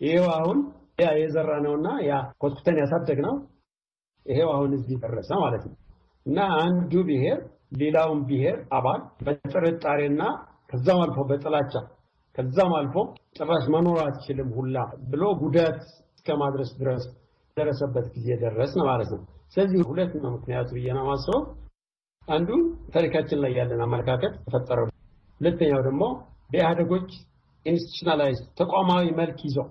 ይኸው አሁን ያ የዘራ ነውና ያ ኮትኩተን ያሳደግ ነው። ይሄው አሁን እዚህ ደረሰ ማለት ነው እና አንዱ ብሔር ሌላውን ብሔር አባል በጥርጣሬና ከዛም አልፎ በጥላቻ ከዛም አልፎ ጭራሽ መኖር አትችልም ሁላ ብሎ ጉዳት እስከማድረስ ድረስ ደረሰበት ጊዜ ደረስን ማለት ነው። ስለዚህ ሁለት ነው ምክንያቱ ብዬ ነው የማስበው። አንዱ ታሪካችን ላይ ያለን አመለካከት ተፈጠረው፣ ሁለተኛው ደግሞ በኢህአደጎች ኢንስቲቱሽናላይዝ ተቋማዊ መልክ ይዘው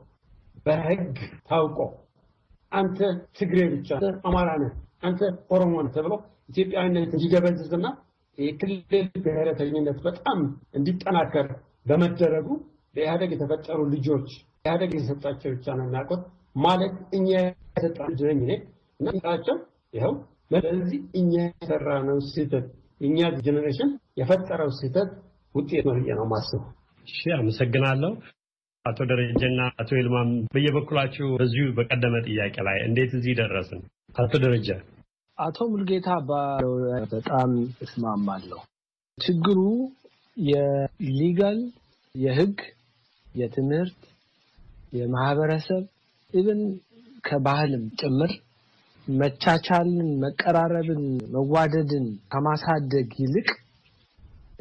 በህግ ታውቆ አንተ ትግሬ ብቻ አማራ ነህ፣ አንተ ኦሮሞ ነህ ተብሎ ኢትዮጵያዊነት እንዲደበዝዝና የክልል ብሔረተኝነት በጣም እንዲጠናከር በመደረጉ በኢህአደግ የተፈጠሩ ልጆች ኢህአደግ የሰጣቸው ብቻ ነው ናቆት ማለት እኛ የሰጣ ድረኝ ነ እናቸው ይኸው። ስለዚህ እኛ የሰራ ነው ስህተት እኛ ጀኔሬሽን የፈጠረው ስህተት ውጤት ነው ብዬ ነው ማስቡ። እሺ፣ አመሰግናለሁ። አቶ ደረጀና አቶ ይልማም በየበኩላችሁ በዚሁ በቀደመ ጥያቄ ላይ እንዴት እዚህ ደረስን? አቶ ደረጀ። አቶ ሙልጌታ ባለው በጣም እስማማለሁ። ችግሩ የሊጋል የህግ የትምህርት የማህበረሰብ ኢብን ከባህልም ጭምር መቻቻልን፣ መቀራረብን፣ መዋደድን ከማሳደግ ይልቅ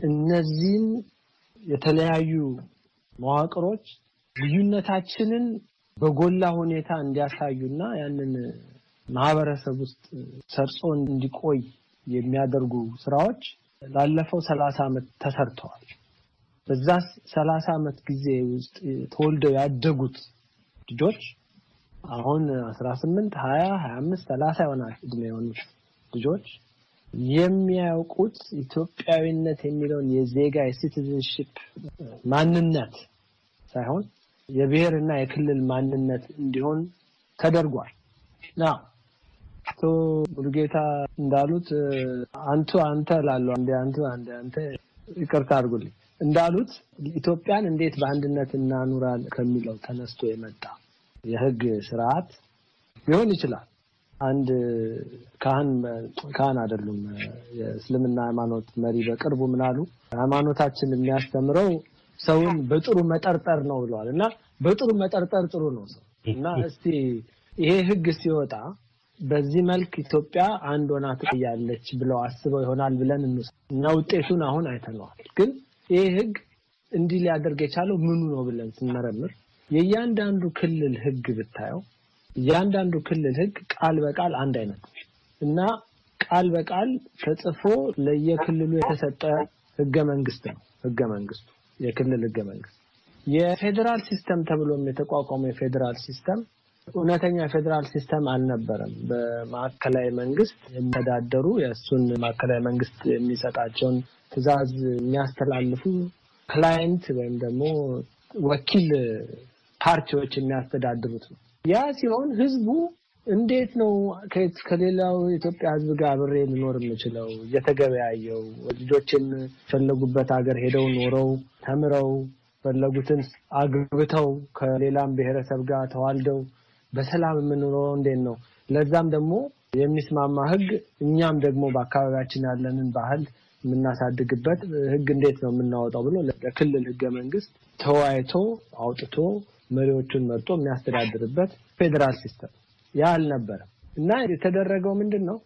እነዚህን የተለያዩ መዋቅሮች ልዩነታችንን በጎላ ሁኔታ እንዲያሳዩና ያንን ማህበረሰብ ውስጥ ሰርጾ እንዲቆይ የሚያደርጉ ስራዎች ላለፈው ሰላሳ ዓመት ተሰርተዋል። በዛ ሰላሳ ዓመት ጊዜ ውስጥ ተወልደው ያደጉት ልጆች አሁን አስራ ስምንት ሀያ ሀያ አምስት ሰላሳ የሆነ እድሜ የሆኑ ልጆች የሚያውቁት ኢትዮጵያዊነት የሚለውን የዜጋ የሲቲዝንሽፕ ማንነት ሳይሆን የብሔርና የክልል ማንነት እንዲሆን ተደርጓል። ና አቶ ሙሉጌታ እንዳሉት አንቱ አንተ ላለ አን አንቱ አን አንተ ይቅርታ አድርጉልኝ እንዳሉት ኢትዮጵያን እንዴት በአንድነት እናኑራል ከሚለው ተነስቶ የመጣ የህግ ስርዓት ሊሆን ይችላል። አንድ ካህን ካህን አይደሉም፣ የእስልምና ሃይማኖት መሪ በቅርቡ ምናሉ ሃይማኖታችን የሚያስተምረው ሰውን በጥሩ መጠርጠር ነው ብለዋል እና በጥሩ መጠርጠር ጥሩ ነው ሰው እና እስቲ ይሄ ህግ ሲወጣ በዚህ መልክ ኢትዮጵያ አንድ ሆና ትቆያለች ብለው አስበው ይሆናል ብለን እንስ እና ውጤቱን አሁን አይተነዋል። ግን ይሄ ህግ እንዲህ ሊያደርግ የቻለው ምኑ ነው ብለን ስንመረምር የእያንዳንዱ ክልል ህግ ብታየው እያንዳንዱ ክልል ህግ ቃል በቃል አንድ አይነት ነው እና ቃል በቃል ተጽፎ ለየክልሉ የተሰጠ ህገ መንግስት ነው ህገ መንግስቱ የክልል ህገ መንግስት። የፌዴራል ሲስተም ተብሎም የተቋቋመው የፌዴራል ሲስተም እውነተኛ ፌዴራል ሲስተም አልነበረም። በማዕከላዊ መንግስት የሚተዳደሩ የእሱን ማዕከላዊ መንግስት የሚሰጣቸውን ትዕዛዝ የሚያስተላልፉ ክላይንት ወይም ደግሞ ወኪል ፓርቲዎች የሚያስተዳድሩት ነው። ያ ሲሆን ህዝቡ እንዴት ነው ከሌላው የኢትዮጵያ ህዝብ ጋር አብሬ ልኖር የምችለው? እየተገበያየው ልጆችን ፈለጉበት ሀገር ሄደው ኖረው ተምረው ፈለጉትን አግብተው ከሌላም ብሔረሰብ ጋር ተዋልደው በሰላም የምንኖረው እንዴት ነው? ለዛም ደግሞ የሚስማማ ህግ እኛም ደግሞ በአካባቢያችን ያለንን ባህል የምናሳድግበት ህግ እንዴት ነው የምናወጣው ብሎ ለክልል ህገ መንግስት ተወያይቶ አውጥቶ መሪዎቹን መርጦ የሚያስተዳድርበት ፌዴራል ሲስተም ያ አልነበረም እና የተደረገው ምንድን ነው?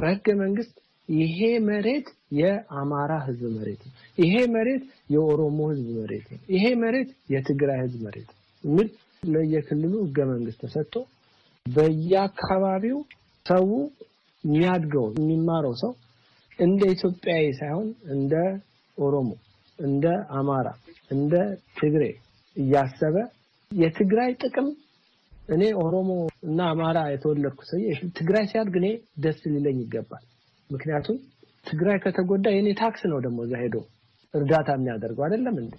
በህገ መንግስት ይሄ መሬት የአማራ ህዝብ መሬት ነው፣ ይሄ መሬት የኦሮሞ ህዝብ መሬት ነው፣ ይሄ መሬት የትግራይ ህዝብ መሬት ነው የሚል ለየክልሉ ህገ መንግስት ተሰጥቶ በየአካባቢው ሰው የሚያድገው የሚማረው ሰው እንደ ኢትዮጵያዊ ሳይሆን እንደ ኦሮሞ፣ እንደ አማራ፣ እንደ ትግሬ እያሰበ የትግራይ ጥቅም እኔ ኦሮሞ እና አማራ የተወለድኩ ሰው ትግራይ ሲያድግ እኔ ደስ ሊለኝ ይገባል። ምክንያቱም ትግራይ ከተጎዳ የእኔ ታክስ ነው ደግሞ እዛ ሄዶ እርዳታ የሚያደርገው አይደለም እንዴ?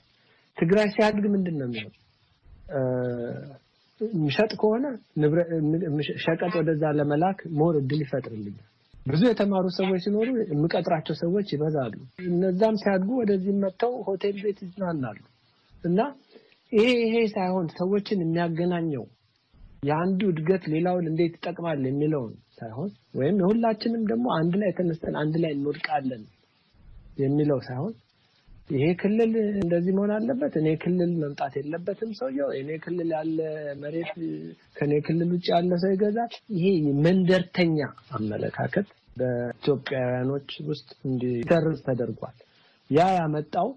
ትግራይ ሲያድግ ምንድን ነው የሚሆን? የሚሸጥ ከሆነ ሸቀጥ ወደዛ ለመላክ ሞር እድል ይፈጥርልኛል። ብዙ የተማሩ ሰዎች ሲኖሩ የምቀጥራቸው ሰዎች ይበዛሉ። እነዛም ሲያድጉ ወደዚህ መጥተው ሆቴል ቤት ይዝናናሉ። እና ይሄ ይሄ ሳይሆን ሰዎችን የሚያገናኘው የአንዱ እድገት ሌላውን እንዴት ይጠቅማል የሚለውን ሳይሆን ወይም የሁላችንም ደግሞ አንድ ላይ ተነስተን አንድ ላይ እንወድቃለን የሚለው ሳይሆን ይሄ ክልል እንደዚህ መሆን አለበት፣ እኔ ክልል መምጣት የለበትም ሰውየው፣ እኔ ክልል ያለ መሬት ከእኔ ክልል ውጭ ያለ ሰው ይገዛል። ይሄ መንደርተኛ አመለካከት በኢትዮጵያውያኖች ውስጥ እንዲደርስ ተደርጓል። ያ ያመጣው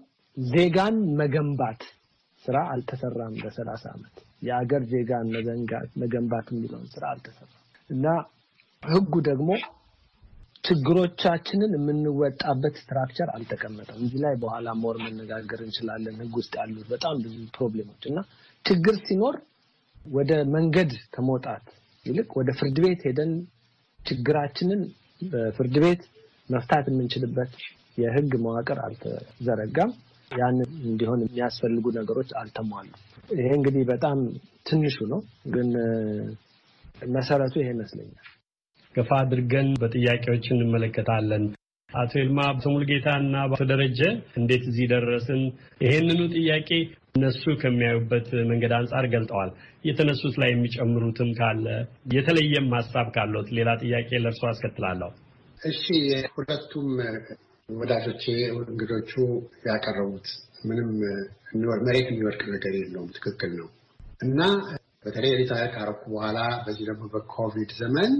ዜጋን መገንባት ስራ አልተሰራም በሰላሳ ዓመት የአገር ዜጋን መገንባት የሚለውን ስራ አልተሰራ እና ህጉ ደግሞ ችግሮቻችንን የምንወጣበት ስትራክቸር አልተቀመጠም። እዚህ ላይ በኋላ ሞር መነጋገር እንችላለን። ህግ ውስጥ ያሉት በጣም ብዙ ፕሮብሌሞች እና ችግር ሲኖር ወደ መንገድ ከመውጣት ይልቅ ወደ ፍርድ ቤት ሄደን ችግራችንን በፍርድ ቤት መፍታት የምንችልበት የህግ መዋቅር አልተዘረጋም። ያንን እንዲሆን የሚያስፈልጉ ነገሮች አልተሟሉ። ይሄ እንግዲህ በጣም ትንሹ ነው፣ ግን መሰረቱ ይሄ ይመስለኛል። ገፋ አድርገን በጥያቄዎች እንመለከታለን። አቶ ይልማ አቶ እና አቶ ደረጀ እንዴት እዚህ ደረስን? ይሄንኑ ጥያቄ እነሱ ከሚያዩበት መንገድ አንጻር ገልጠዋል። የተነሱት ላይ የሚጨምሩትም ካለ የተለየም ሀሳብ ካለት ሌላ ጥያቄ ለእርሶ አስከትላለሁ። እሺ ሁለቱም ወዳጆቼ እንግዶቹ ያቀረቡት ምንም መሬት የሚወርቅ ነገር የለውም። ትክክል ነው እና በተለይ ሪታየር ካረኩ በኋላ በዚህ ደግሞ በኮቪድ ዘመን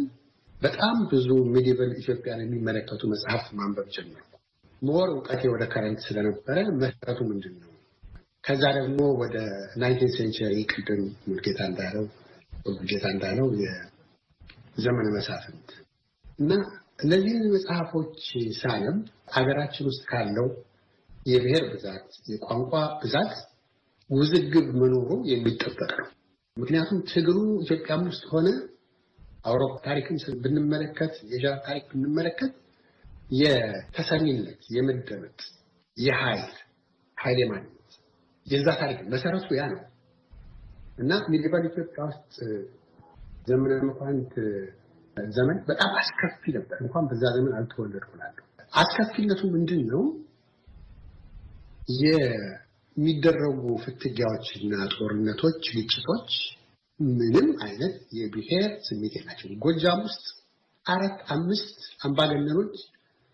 በጣም ብዙ ሚዲቨል ኢትዮጵያን የሚመለከቱ መጽሐፍት ማንበብ ጀመርኩ። ሞር እውቀቴ ወደ ከረንት ስለነበረ መሰረቱ ምንድን ነው? ከዛ ደግሞ ወደ ናይንቲን ሴንቸሪ ቅድም ሙልጌታ እንዳለው ሙልጌታ እንዳለው የዘመነ መሳፍንት እና እነዚህን መጽሐፎች ሳለም ሀገራችን ውስጥ ካለው የብሔር ብዛት፣ የቋንቋ ብዛት ውዝግብ መኖሩ የሚጠበቅ ነው። ምክንያቱም ትግሉ ኢትዮጵያም ውስጥ ሆነ አውሮፓ ታሪክም ብንመለከት፣ የጃ ታሪክ ብንመለከት የተሰሚነት፣ የመደመጥ፣ የኃይል ኃይል የማግኘት የዛ ታሪክ መሰረቱ ያ ነው እና ሚሊባል ኢትዮጵያ ውስጥ ዘመነ መኳንንት ዘመን በጣም አስከፊ ነበር። እንኳን በዛ ዘመን አልተወለድኩም እላለሁ። አስከፊነቱ ምንድን ነው? የሚደረጉ ፍትጊያዎችና ጦርነቶች፣ ግጭቶች ምንም አይነት የብሔር ስሜት የላቸው። ጎጃም ውስጥ አራት አምስት አምባገነኖች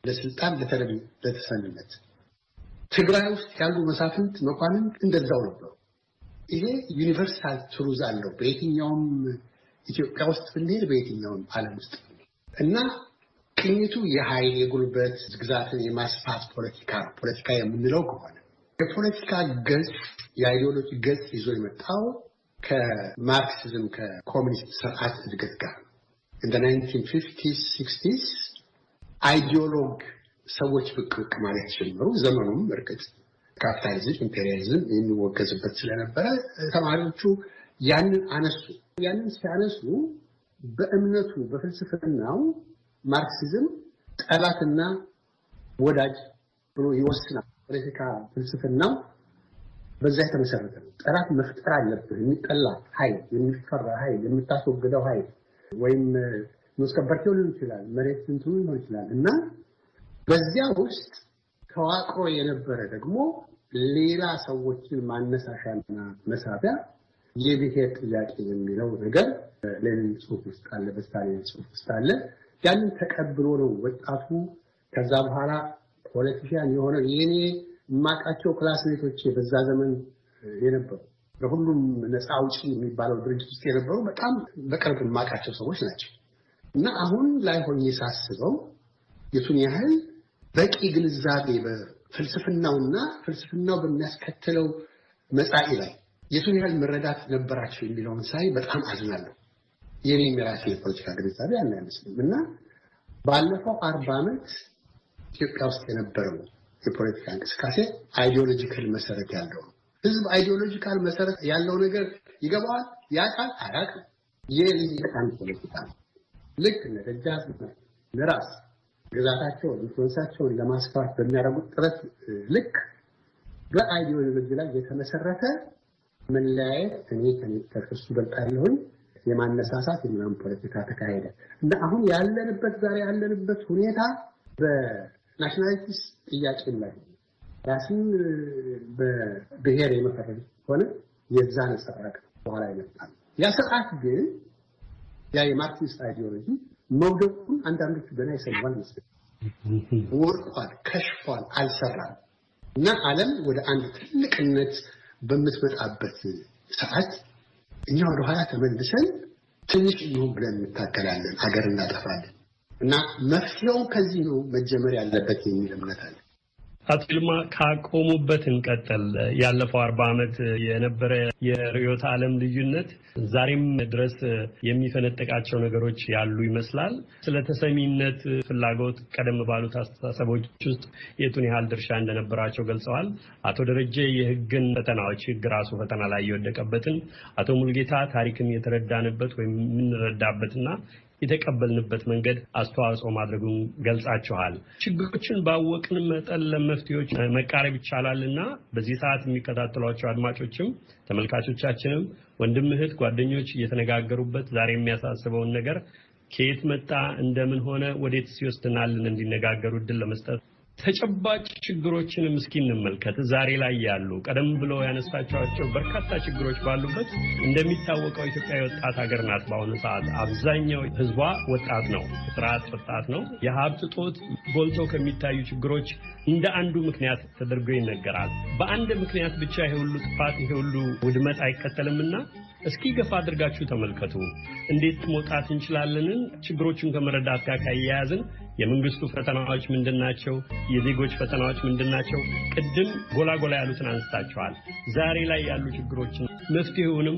ለስልጣን ለተሰሚነት፣ ትግራይ ውስጥ ያሉ መሳፍንት መኳንንት እንደዛው ነበሩ። ይሄ ዩኒቨርሳል ትሩዝ አለው በየትኛውም ኢትዮጵያ ውስጥ ስንሄድ በየትኛውም ዓለም ውስጥ እና ቅኝቱ የኃይል የጉልበት ግዛትን የማስፋት ፖለቲካ ነው። ፖለቲካ የምንለው ከሆነ የፖለቲካ ገጽ የአይዲዮሎጂ ገጽ ይዞ የመጣው ከማርክሲዝም ከኮሚኒስት ስርዓት እድገት ጋር እንደ ናይንቲን ፊፍቲስ ሲክስቲስ አይዲዮሎግ ሰዎች ብቅ ብቅ ማለት ጀመሩ። ዘመኑም እርግጥ ካፒታሊዝም ኢምፔሪያሊዝም የሚወገዝበት ስለነበረ ተማሪዎቹ ያንን አነሱ። ያንን ሲያነሱ በእምነቱ በፍልስፍናው ማርክሲዝም ጠላትና ወዳጅ ብሎ ይወስናል። ፖለቲካ ፍልስፍናው በዛ የተመሰረተ ነው። ጠላት መፍጠር አለብህ፣ የሚጠላ ኃይል፣ የሚፈራ ኃይል፣ የምታስወግደው ኃይል ወይም መስከበርቴው ሊሆን ይችላል፣ መሬት ስንትኑ ሊሆን ይችላል እና በዚያ ውስጥ ተዋቅሮ የነበረ ደግሞ ሌላ ሰዎችን ማነሳሻና መሳቢያ የብሔር ጥያቄ የሚለው ነገር ሌኒን ጽሁፍ ውስጥ አለ፣ በስታሊን ጽሁፍ ውስጥ አለ። ያንን ተቀብሎ ነው ወጣቱ ከዛ በኋላ ፖለቲሽያን የሆነው የኔ የማውቃቸው ክላስሜቶቼ በዛ ዘመን የነበሩ በሁሉም ነፃ አውጪ የሚባለው ድርጅት ውስጥ የነበሩ በጣም በቅርብ የማውቃቸው ሰዎች ናቸው። እና አሁን ላይ ሆኜ ሳስበው የቱን ያህል በቂ ግንዛቤ በፍልስፍናውና ፍልስፍናው በሚያስከትለው መጻኢ ላይ የቱን ያህል መረዳት ነበራቸው የሚለውን ሳይ በጣም አዝናለሁ። የኔ የራሴ የፖለቲካ ግንዛቤ ያን አይመስልም እና ባለፈው አርባ ዓመት ኢትዮጵያ ውስጥ የነበረው የፖለቲካ እንቅስቃሴ አይዲዮሎጂካል መሰረት ያለው ነው። ህዝብ አይዲዮሎጂካል መሰረት ያለው ነገር ይገባዋል፣ ያውቃል፣ አያውቅም። የልሂቃን ፖለቲካ ነው። ልክ እነ ደጃዝማች ለራስ ግዛታቸውን ኢንፍሉንሳቸውን ለማስፋት በሚያደርጉት ጥረት ልክ በአይዲዮሎጂ ላይ የተመሰረተ መለያየት እኔ ከእሱ በልጣለሁኝ የማነሳሳት የምናምን ፖለቲካ ተካሄደ እና አሁን ያለንበት ዛሬ ያለንበት ሁኔታ በናሽናሊቲስ ጥያቄ ላይ ራስን በብሔር የመፈረጅ ሆነ የዛ ነጸረቅ በኋላ ይመጣል። ያ ስርዓት ግን ያ የማርክሲስት አይዲዮሎጂ መውደቁን አንዳንዶቹ ገና ይሰማል መስለኝ ወርቋል፣ ከሽፏል፣ አልሰራም እና ዓለም ወደ አንድ ትልቅነት በምትመጣበት ሰዓት እኛ ወደ ኋላ ተመልሰን ትንሽ ይሁን ብለን እንታገላለን፣ ሀገር እናጠፋለን እና መፍትሄው ከዚህ ነው መጀመር ያለበት የሚል እምነት አለ። አቶ ይልማ ካቆሙበት እንቀጠል። ያለፈው አርባ ዓመት የነበረ የርዕዮተ ዓለም ልዩነት ዛሬም ድረስ የሚፈነጠቃቸው ነገሮች ያሉ ይመስላል። ስለ ተሰሚነት ፍላጎት ቀደም ባሉት አስተሳሰቦች ውስጥ የቱን ያህል ድርሻ እንደነበራቸው ገልጸዋል። አቶ ደረጀ የሕግን ፈተናዎች ሕግ ራሱ ፈተና ላይ የወደቀበትን፣ አቶ ሙልጌታ ታሪክን የተረዳንበት ወይም የምንረዳበትና የተቀበልንበት መንገድ አስተዋጽኦ ማድረጉን ገልጻችኋል። ችግሮችን ባወቅን መጠን ለመፍትሄዎች መቃረብ ይቻላል እና በዚህ ሰዓት የሚከታተሏቸው አድማጮችም ተመልካቾቻችንም ወንድም፣ እህት፣ ጓደኞች እየተነጋገሩበት ዛሬ የሚያሳስበውን ነገር ከየት መጣ እንደምን ሆነ ወዴት ሲወስድናልን እንዲነጋገሩ እድል ለመስጠት ተጨባጭ ችግሮችንም እስኪ እንመልከት። ዛሬ ላይ ያሉ ቀደም ብሎ ያነሳቸዋቸው በርካታ ችግሮች ባሉበት እንደሚታወቀው ኢትዮጵያ የወጣት ሀገር ናት። በአሁኑ ሰዓት አብዛኛው ሕዝቧ ወጣት ነው፣ ስርዓት ወጣት ነው። የሀብት እጦት ጎልቶ ከሚታዩ ችግሮች እንደ አንዱ ምክንያት ተደርጎ ይነገራል። በአንድ ምክንያት ብቻ ይሄ ሁሉ ጥፋት፣ ይሄ ሁሉ ውድመት አይከተልምና እስኪ ገፋ አድርጋችሁ ተመልከቱ። እንዴት መውጣት እንችላለንን? ችግሮችን ከመረዳት ጋር ካያያዝን የመንግስቱ ፈተናዎች ምንድናቸው? የዜጎች ፈተናዎች ናቸው? ቅድም ጎላ ጎላ ያሉትን አንስታችኋል። ዛሬ ላይ ያሉ ችግሮችን መፍትሄውንም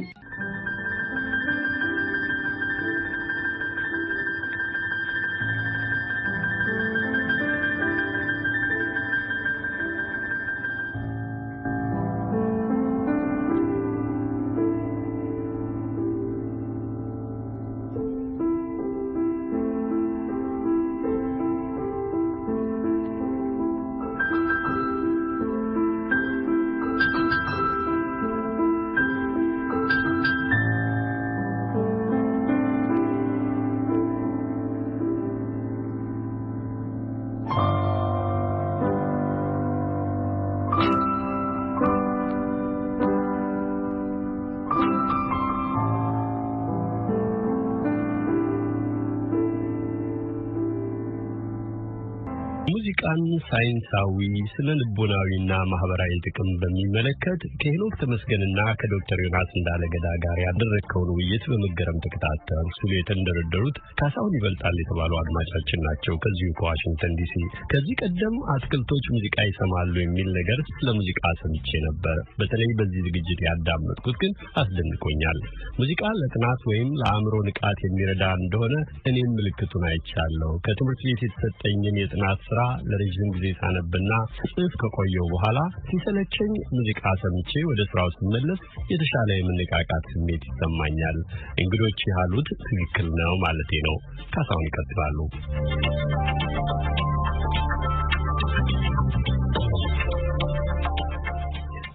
ሳይንሳዊ ስነ ልቦናዊና ማህበራዊ ጥቅም በሚመለከት ከሄኖክ ተመስገንና ከዶክተር ዮናስ እንዳለገዳ ጋር ያደረግከውን ውይይት በመገረም ተከታተል ሲሉ የተንደረደሩት ካሳሁን ይበልጣል የተባሉ አድማጫችን ናቸው። ከዚሁ ከዋሽንግተን ዲሲ ከዚህ ቀደም አትክልቶች ሙዚቃ ይሰማሉ የሚል ነገር ስለ ሙዚቃ ሰምቼ ነበር። በተለይ በዚህ ዝግጅት ያዳመጥኩት ግን አስደንቆኛል። ሙዚቃ ለጥናት ወይም ለአእምሮ ንቃት የሚረዳ እንደሆነ እኔም ምልክቱን አይቻለሁ። ከትምህርት ቤት የተሰጠኝን የጥናት ስራ ለረዥም ጊዜ ሳነብና ጽፍ ከቆየው በኋላ ሲሰለቸኝ ሙዚቃ ሰምቼ ወደ ስራው ስመለስ የተሻለ የመነቃቃት ስሜት ይሰማኛል። እንግዶች ያሉት ትክክል ነው ማለቴ ነው። ካሳሁን ይቀጥላሉ።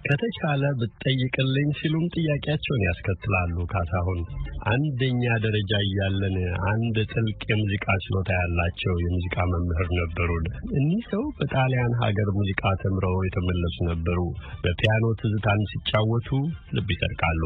ከተቻለ ብትጠይቅልኝ ሲሉም ጥያቄያቸውን ያስከትላሉ ካሳሁን አንደኛ ደረጃ እያለን አንድ ጥልቅ የሙዚቃ ችሎታ ያላቸው የሙዚቃ መምህር ነበሩ። እኒህ ሰው በጣሊያን ሀገር ሙዚቃ ተምረው የተመለሱ ነበሩ። በፒያኖ ትዝታን ሲጫወቱ ልብ ይሰርቃሉ።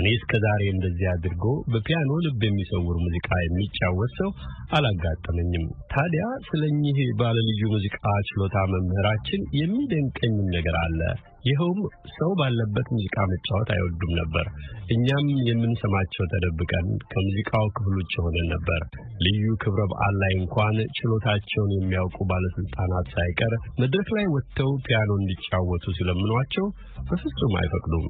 እኔ እስከ ዛሬ እንደዚህ አድርጎ በፒያኖ ልብ የሚሰውር ሙዚቃ የሚጫወት ሰው አላጋጠመኝም። ታዲያ ስለ እኚህ ባለልዩ ሙዚቃ ችሎታ መምህራችን የሚደንቀኝም ነገር አለ። ይኸውም ሰው ባለበት ሙዚቃ መጫወት አይወዱም ነበር። እኛም የምንሰማቸው ተደብቀን ከሙዚቃው ክፍሎች ሆነን ነበር። ልዩ ክብረ በዓል ላይ እንኳን ችሎታቸውን የሚያውቁ ባለስልጣናት ሳይቀር መድረክ ላይ ወጥተው ፒያኖ እንዲጫወቱ ሲለምኗቸው በፍጹም አይፈቅዱም።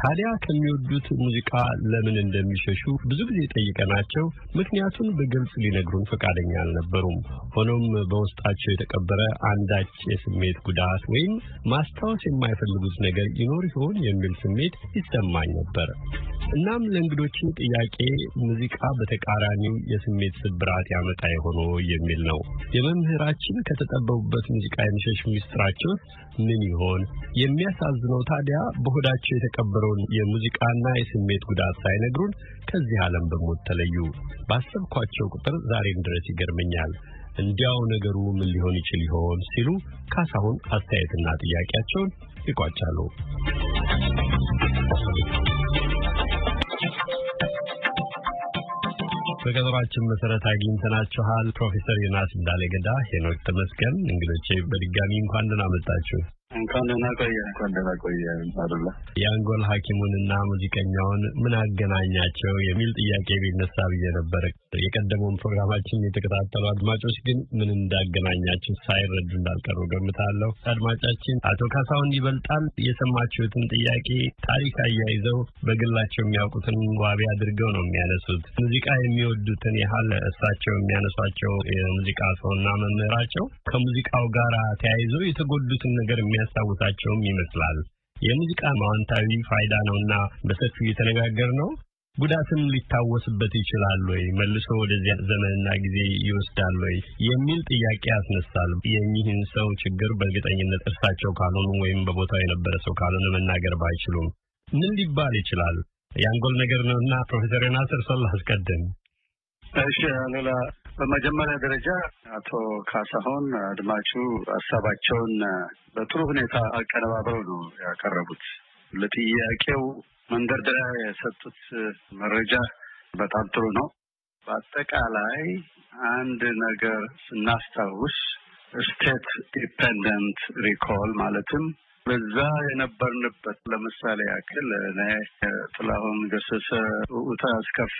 ታዲያ ከሚወዱት ሙዚቃ ለምን እንደሚሸሹ ብዙ ጊዜ ጠይቀናቸው ምክንያቱን በግልጽ ሊነግሩን ፈቃደኛ አልነበሩም። ሆኖም በውስጣቸው የተቀበረ አንዳች የስሜት ጉዳት ወይም ማስታወስ የማይፈልጉት ነገር ይኖር ይሆን የሚል ስሜት ይሰማኝ ነበር። እናም ለእንግዶች ጥያቄ ሙዚቃ በተቃራኒው የስሜት ስብራት ያመጣ የሆኖ የሚል ነው። የመምህራችን ከተጠበቡበት ሙዚቃ የሚሸሽ ሚስጥራቸው ምን ይሆን? የሚያሳዝነው ታዲያ በሆዳቸው የተቀበረውን የሙዚቃና የስሜት ጉዳት ሳይነግሩን ከዚህ ዓለም በሞት ተለዩ። ባሰብኳቸው ቁጥር ዛሬም ድረስ ይገርመኛል። እንዲያው ነገሩ ምን ሊሆን ይችል ይሆን ሲሉ ካሳሁን አስተያየትና ጥያቄያቸውን ይቋጫሉ። በቀጠሯችን መሰረት አግኝተናችኋል። ፕሮፌሰር ዮናስ እንዳለ ሄኖክ ተመስገን እንግዶቼ በድጋሚ እንኳን ደህና መጣችሁ። እንኳን ደህና ቆየ። እንኳን ደህና ቆየ። አደለ የአንጎል ሐኪሙንና ሙዚቀኛውን ምን አገናኛቸው የሚል ጥያቄ ቢነሳ ብዬ ነበረ። የቀደመውን ፕሮግራማችን የተከታተሉ አድማጮች ግን ምን እንዳገናኛቸው ሳይረዱ እንዳልቀሩ ገምታለሁ። አድማጫችን አቶ ካሳሁን ይበልጣል የሰማችሁትን ጥያቄ ታሪክ አያይዘው በግላቸው የሚያውቁትን ዋቢ አድርገው ነው የሚያነሱት። ሙዚቃ የሚወዱትን ያህል እሳቸው የሚያነሷቸው የሙዚቃ ሰውና መምህራቸው ከሙዚቃው ጋር ተያይዘው የተጎዱትን ነገር የሚያስታውሳቸውም ይመስላል። የሙዚቃ ማዋንታዊ ፋይዳ ነውና በሰፊው የተነጋገር ነው። ጉዳትም ሊታወስበት ይችላል ወይ መልሶ ወደዚያ ዘመንና ጊዜ ይወስዳል ወይ የሚል ጥያቄ ያስነሳል። የኚህን ሰው ችግር በእርግጠኝነት እርሳቸው ካልሆኑ ወይም በቦታው የነበረ ሰው ካልሆነ መናገር ባይችሉም ምን ሊባል ይችላል? የአንጎል ነገር ነውና ፕሮፌሰር ዮናስ እርሶን ላስቀድም። እሺ አሉላ በመጀመሪያ ደረጃ አቶ ካሳሁን አድማቹ ሀሳባቸውን በጥሩ ሁኔታ አቀነባብረው ነው ያቀረቡት። ለጥያቄው መንደርደሪያ የሰጡት መረጃ በጣም ጥሩ ነው። በአጠቃላይ አንድ ነገር ስናስታውስ ስቴት ዲፐንደንት ሪኮል ማለትም በዛ የነበርንበት ለምሳሌ ያክል እኔ ጥላሁን ገሰሰ ውታ አስከፋ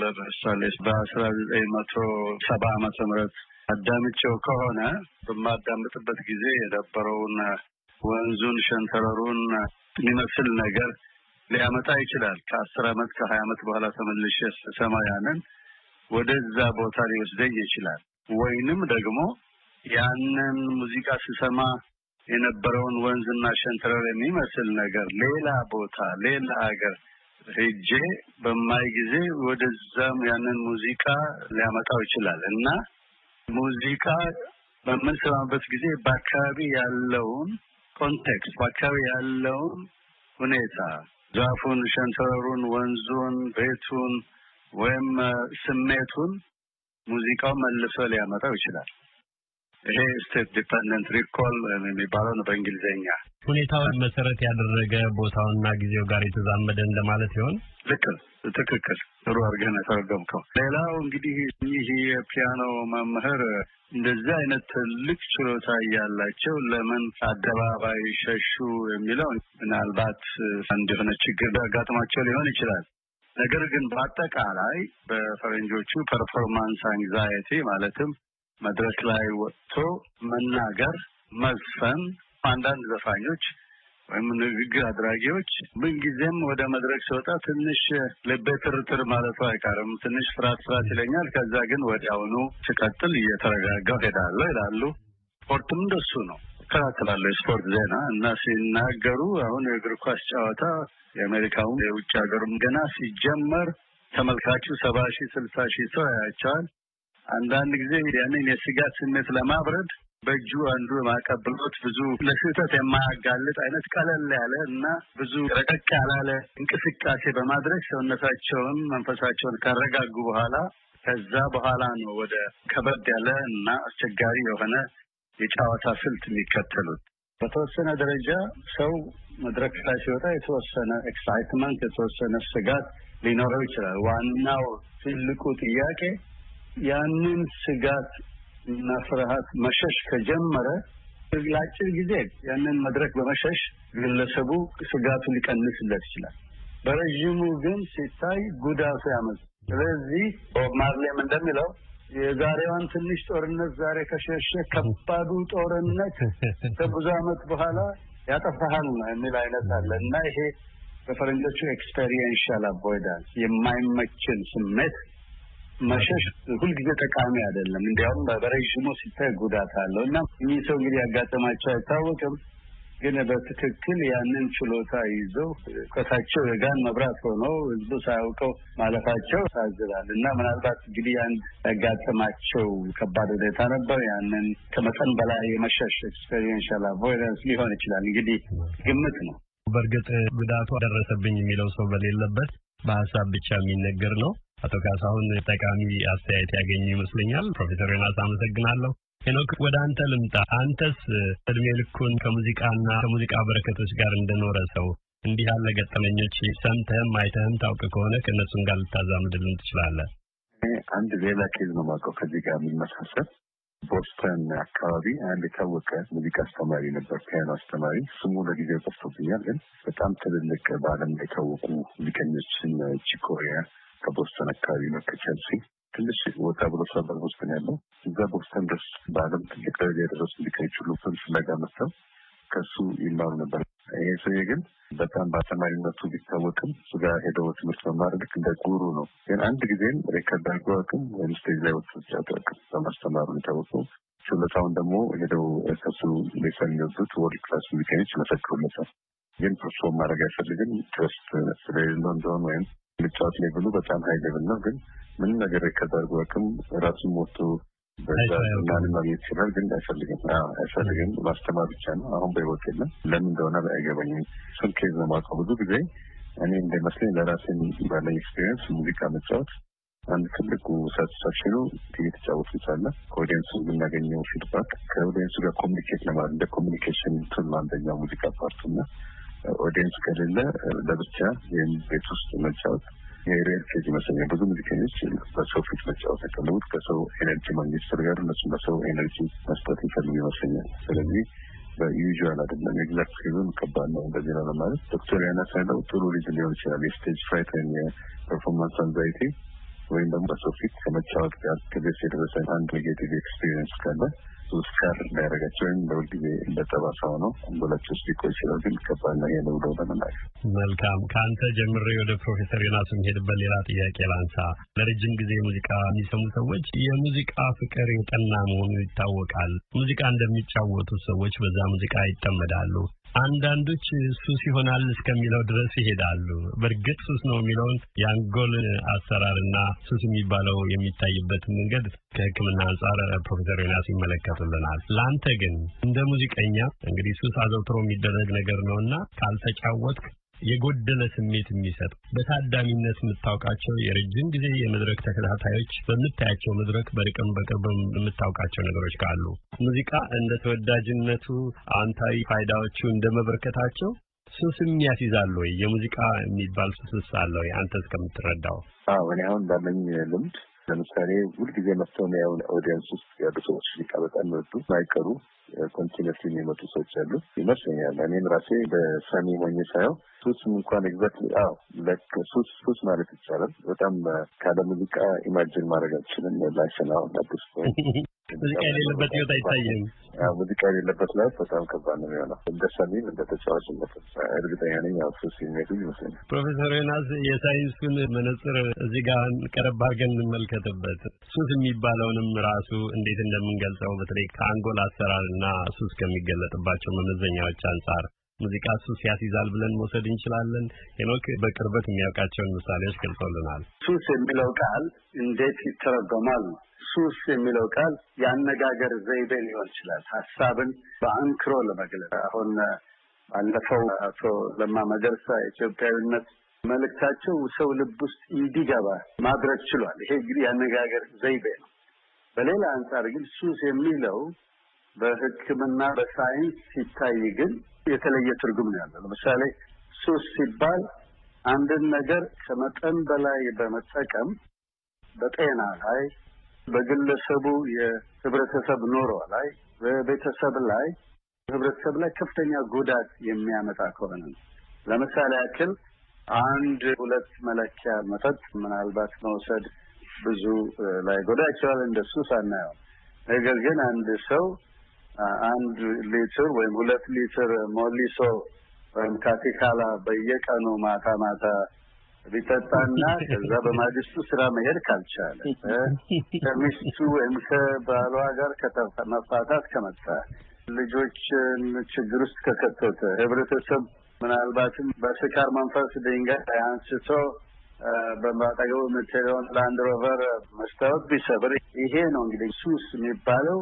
ለምሳሌ በአስራ ዘጠኝ መቶ ሰባ አመተ ምህረት አዳምጨው ከሆነ በማዳምጥበት ጊዜ የነበረውን ወንዙን ሸንተረሩን የሚመስል ነገር ሊያመጣ ይችላል። ከአስር አመት ከሀያ አመት በኋላ ተመልሼ ስሰማ ያንን ወደዛ ቦታ ሊወስደኝ ይችላል። ወይንም ደግሞ ያንን ሙዚቃ ስሰማ የነበረውን ወንዝና ሸንተረር የሚመስል ነገር ሌላ ቦታ ሌላ ሀገር ሄጄ በማይ ጊዜ ወደዛም ያንን ሙዚቃ ሊያመጣው ይችላል እና ሙዚቃ በምንሰማበት ጊዜ በአካባቢ ያለውን ኮንቴክስት በአካባቢ ያለውን ሁኔታ ዛፉን፣ ሸንተረሩን፣ ወንዙን፣ ቤቱን ወይም ስሜቱን ሙዚቃው መልሶ ሊያመጣው ይችላል። ይሄ ስቴት ዲፐንደንት ሪኮል የሚባለው ነው በእንግሊዝኛ። ሁኔታውን መሰረት ያደረገ ቦታውና ጊዜው ጋር የተዛመደ እንደማለት ይሆን? ልክ ትክክል። ጥሩ አድርገህ ነው ሌላው እንግዲህ ይህ የፒያኖ መምህር እንደዚህ አይነት ትልቅ ችሎታ እያላቸው ለምን አደባባይ ሸሹ የሚለው ምናልባት እንደሆነ ችግር ሊያጋጥማቸው ሊሆን ይችላል። ነገር ግን በአጠቃላይ በፈረንጆቹ ፐርፎርማንስ አንግዛይቲ ማለትም መድረክ ላይ ወጥቶ መናገር፣ መዝፈን አንዳንድ ዘፋኞች ወይም ንግግር አድራጊዎች ምንጊዜም ወደ መድረክ ሲወጣ ትንሽ ልቤ ትርትር ማለቱ አይቀርም። ትንሽ ፍርሃት ፍራት ይለኛል። ከዛ ግን ወዲያውኑ ሲቀጥል እየተረጋጋው ሄዳለሁ ይላሉ። ስፖርትም እንደሱ ነው። እከታተላለሁ የስፖርት ዜና እና ሲናገሩ አሁን የእግር ኳስ ጨዋታ የአሜሪካውም የውጭ ሀገሩም ገና ሲጀመር ተመልካቹ ሰባ ሺህ ስልሳ ሺህ ሰው ያያቸዋል። አንዳንድ ጊዜ ያንን የስጋት ስሜት ለማብረድ በእጁ አንዱ ማቀብሎት ብዙ ለስህተት የማያጋልጥ አይነት ቀለል ያለ እና ብዙ ረቀቅ ያላለ እንቅስቃሴ በማድረግ ሰውነታቸውን፣ መንፈሳቸውን ካረጋጉ በኋላ ከዛ በኋላ ነው ወደ ከበድ ያለ እና አስቸጋሪ የሆነ የጨዋታ ስልት የሚከተሉት። በተወሰነ ደረጃ ሰው መድረክ ላይ ሲወጣ የተወሰነ ኤክሳይትመንት፣ የተወሰነ ስጋት ሊኖረው ይችላል። ዋናው ትልቁ ጥያቄ ያንን ስጋት እና ፍርሃት መሸሽ ከጀመረ ለአጭር ጊዜ ያንን መድረክ በመሸሽ ግለሰቡ ስጋቱ ሊቀንስለት ይችላል። በረዥሙ ግን ሲታይ ጉዳቱ ያመዝ። ስለዚህ ቦብ ማርሌም እንደሚለው የዛሬዋን ትንሽ ጦርነት ዛሬ ከሸሸ ከባዱ ጦርነት ከብዙ ዓመት በኋላ ያጠፋሃል ነው የሚል አይነት አለ እና ይሄ በፈረንጆቹ ኤክስፔሪየንሻል አቮይዳንስ የማይመችን ስሜት መሸሽ ሁልጊዜ ጠቃሚ አይደለም። እንዲያውም በረዥሙ ሲታይ ጉዳት አለው እና እኚህ ሰው እንግዲህ ያጋጠማቸው አይታወቅም፣ ግን በትክክል ያንን ችሎታ ይዘው እውቀታቸው የጋን መብራት ሆኖ ህዝቡ ሳያውቀው ማለፋቸው ያሳዝናል እና ምናልባት እንግዲህ ያን ያጋጠማቸው ከባድ ሁኔታ ነበር። ያንን ከመጠን በላይ የመሸሽ ኤክስፔሪንሻል አቮይደንስ ሊሆን ይችላል። እንግዲህ ግምት ነው። በእርግጥ ጉዳቱ ደረሰብኝ የሚለው ሰው በሌለበት በሀሳብ ብቻ የሚነገር ነው። አቶ ካሳሁን ጠቃሚ አስተያየት ያገኙ ይመስለኛል። ፕሮፌሰር ዮናስ አመሰግናለሁ። ሄኖክ ወደ አንተ ልምጣ። አንተስ እድሜ ልኩን ከሙዚቃና ከሙዚቃ በረከቶች ጋር እንደኖረ ሰው እንዲህ ያለ ገጠመኞች ሰምተህም አይተህም ታውቅ ከሆነ ከእነሱም ጋር ልታዛምድልን ትችላለህ። አንድ ሌላ ኬዝ ነው የማውቀው ከዚህ ጋር የሚመሳሰል ቦስተን አካባቢ አንድ የታወቀ ሙዚቃ አስተማሪ ነበር፣ ፒያኖ አስተማሪ። ስሙ ለጊዜው ጠፍቶብኛል፣ ግን በጣም ትልልቅ በዓለም ላይ የታወቁ ሙዚቀኞችን ቺኮሪያ ከቦስተን አካባቢ ነው ከቼልሲ ትንሽ ወጣ ብሎ ሰበር ቦስተን ያለው እዛ ቦስተን ድረስ በአለም ትልቅ ደረጃ የደረሱ ፍን ፍለጋ መጥተው ከሱ ይማሩ ነበር። ይሄ ሰውዬ ግን በጣም በአስተማሪነቱ ቢታወቅም እሱ ጋር ሄደው ትምህርት መማር ልክ እንደ ጉሩ ነው። ግን አንድ ጊዜም ሬከርድ አድርጎ አቅም ወይም ስቴጅ ላይ ወጥቶ አቅም በማስተማሩ የታወቀው ችሎታውን ደግሞ ሄደው ከሱ ሌሰን የሚወስዱት ወርልድ ክላስ ሙዚቀኞች መሰክሩለታል። ግን ፕርሶ ማድረግ አይፈልግም ትረስት ስለሌለው እንደሆን ወይም ልጫወት ሌቭሉ በጣም ሀይ ሌቭል ነው። ግን ምንም ነገር ከዛርጉ አቅም ራሱን ሞቶ በዛናን ማግኘት ይችላል። ግን አይፈልግም አይፈልግም። ማስተማር ብቻ ነው። አሁን በህይወት የለም። ለምን እንደሆነ አይገባኝም። እሱን ኬዝ ነው የማውቀው። ብዙ ጊዜ እኔ እንደመስለኝ ለራሴ ባለኝ ኤክስፔሪንስ ሙዚቃ መጫወት አንድ ትልቁ ሳቲስፋክሽኑ እየተጫወቱ ሳለ ከኦዲየንሱ የምናገኘው ፊድባክ ከኦዲየንሱ ጋር ኮሚኒኬት ለማድረግ እንደ ኮሚኒኬሽን ቱል አንደኛው ሙዚቃ ፓርቱ እና ኦዲየንስ ከሌለ ለብቻ ይህም ቤት ውስጥ መጫወት የሪል ስቴት ይመስለኛል። ብዙ ሙዚቀኞች በሰው ፊት መጫወት ያቀለቡት ከሰው ኤነርጂ ማግኘት ጋር በሰው ኤነርጂ መስጠት ይፈልግ ይመስለኛል። ስለዚህ በዩዥዋል አይደለም ኤግዛክት ሲዝን ከባድ ነው። እንደዚህ ነው ለማለት ዶክተር ያነሳ ያለው ጥሩ ሪዝን ሊሆን ይችላል። የስቴጅ ፍራይት ወይም የፐርፎርማንስ አንዛይቲ ወይም ደግሞ በሰው ፊት ከመጫወት ጋር ትቤስ የደረሰ አንድ ኔጌቲቭ ኤክስፒሪየንስ ካለ ስር እንዳያደረጋቸው ወይም ለሁል ጊዜ እንደጠባሳው ነው አንጎላቸው ውስጥ ሊቆይ ይችላል። ግን ከባድ ነው ይሄ ለውደው ለመናገር መልካም ከአንተ ጀምሬ ወደ ፕሮፌሰር ዮናስ የሚሄድበት ሌላ ጥያቄ ላንሳ። ለረጅም ጊዜ ሙዚቃ የሚሰሙ ሰዎች የሙዚቃ ፍቅር የጠና መሆኑ ይታወቃል። ሙዚቃ እንደሚጫወቱ ሰዎች በዛ ሙዚቃ ይጠመዳሉ። አንዳንዶች ሱስ ይሆናል እስከሚለው ድረስ ይሄዳሉ። በእርግጥ ሱስ ነው የሚለውን የአንጎል አሰራርና ሱስ የሚባለው የሚታይበትን መንገድ ከሕክምና አንጻር ፕሮፌሰር ዮናስ ይመለከቱልናል። ለአንተ ግን እንደ ሙዚቀኛ እንግዲህ ሱስ አዘውትሮ የሚደረግ ነገር ነው እና ካልተጫወትክ የጎደለ ስሜት የሚሰጥ በታዳሚነት የምታውቃቸው የረጅም ጊዜ የመድረክ ተከታታዮች በምታያቸው መድረክ በርቅም በቅርብም የምታውቃቸው ነገሮች ካሉ ሙዚቃ እንደ ተወዳጅነቱ አንታዊ ፋይዳዎቹ እንደ መበርከታቸው ሱስም ያስይዛል ወይ? የሙዚቃ የሚባል ሱስስ አለ ወይ? አንተ እስከምትረዳው። አዎ እኔ አሁን እንዳለኝ ልምድ ለምሳሌ ሁልጊዜ መጥተው ያውን ኦዲየንስ ውስጥ ያሉ ሰዎች ሙዚቃ በጣም ይወዱ ማይቀሩ ኮንቲነስ የሚመጡ ሰዎች አሉ ይመስለኛል። እኔም ራሴ በሰሚ ሆኜ ሳየው ሱስም እንኳን ኤግዛክት አዎ ላይክ ሱስ ሱስ ማለት ይቻላል። በጣም ካለ ሙዚቃ ኢማጅን ማድረግ አልችልም። ላይፍን አሁን አዲስ ሙዚቃ የሌለበት ህይወት አይታየም። ሙዚቃ የሌለበት ላይ በጣም ከባድ ነው የሚሆነው። እንደ ሰሚም እንደ ተጫዋችነት እርግጠኛ ነኝ ያው ሱስ የሚሄዱ ይመስለኛል። ፕሮፌሰር ዮናስ የሳይንሱን መነጽር እዚህ ጋር ቀረብ አድርገን እንመልከትበት። ሱስ የሚባለውንም ራሱ እንዴት እንደምንገልጸው በተለይ ከአንጎል አሰራር እና ሱስ ከሚገለጥባቸው መመዘኛዎች አንጻር ሙዚቃ ሱስ ያስይዛል ብለን መውሰድ እንችላለን። ሄኖክ በቅርበት የሚያውቃቸውን ምሳሌዎች ገልጾልናል። ሱስ የሚለው ቃል እንዴት ይተረጎማል? ሱስ የሚለው ቃል የአነጋገር ዘይቤ ሊሆን ይችላል። ሀሳብን በአንክሮ ለመግለጽ አሁን ባለፈው አቶ ለማ መገርሳ ኢትዮጵያዊነት መልእክታቸው ሰው ልብ ውስጥ እንዲገባ ማድረግ ችሏል። ይሄ እንግዲህ የአነጋገር ዘይቤ ነው። በሌላ አንጻር ግን ሱስ የሚለው በሕክምና በሳይንስ ሲታይ ግን የተለየ ትርጉም ነው ያለው። ለምሳሌ ሱስ ሲባል አንድን ነገር ከመጠን በላይ በመጠቀም በጤና ላይ፣ በግለሰቡ የህብረተሰብ ኑሮ ላይ፣ በቤተሰብ ላይ ህብረተሰብ ላይ ከፍተኛ ጉዳት የሚያመጣ ከሆነ ነው። ለምሳሌ ያክል አንድ ሁለት መለኪያ መጠጥ ምናልባት መውሰድ ብዙ ላይ ጎዳ ይችላል፣ እንደሱ ሳናየው። አናየውም። ነገር ግን አንድ ሰው አንድ ሊትር ወይም ሁለት ሊትር ሞሊሶ ወይም ካቲካላ በየቀኑ ማታ ማታ ቢጠጣና ከዛ በማግስቱ ስራ መሄድ ካልቻለ ከሚስቱ ወይም ከባሏ ጋር መፋታት ከመጣ ልጆችን ችግር ውስጥ ከከተተ ህብረተሰብ ምናልባትም በስካር መንፈስ ድንጋይ አንስቶ በማጠገቡ የምትሄደውን ላንድሮቨር መስታወት ቢሰብር ይሄ ነው እንግዲህ ሱስ የሚባለው።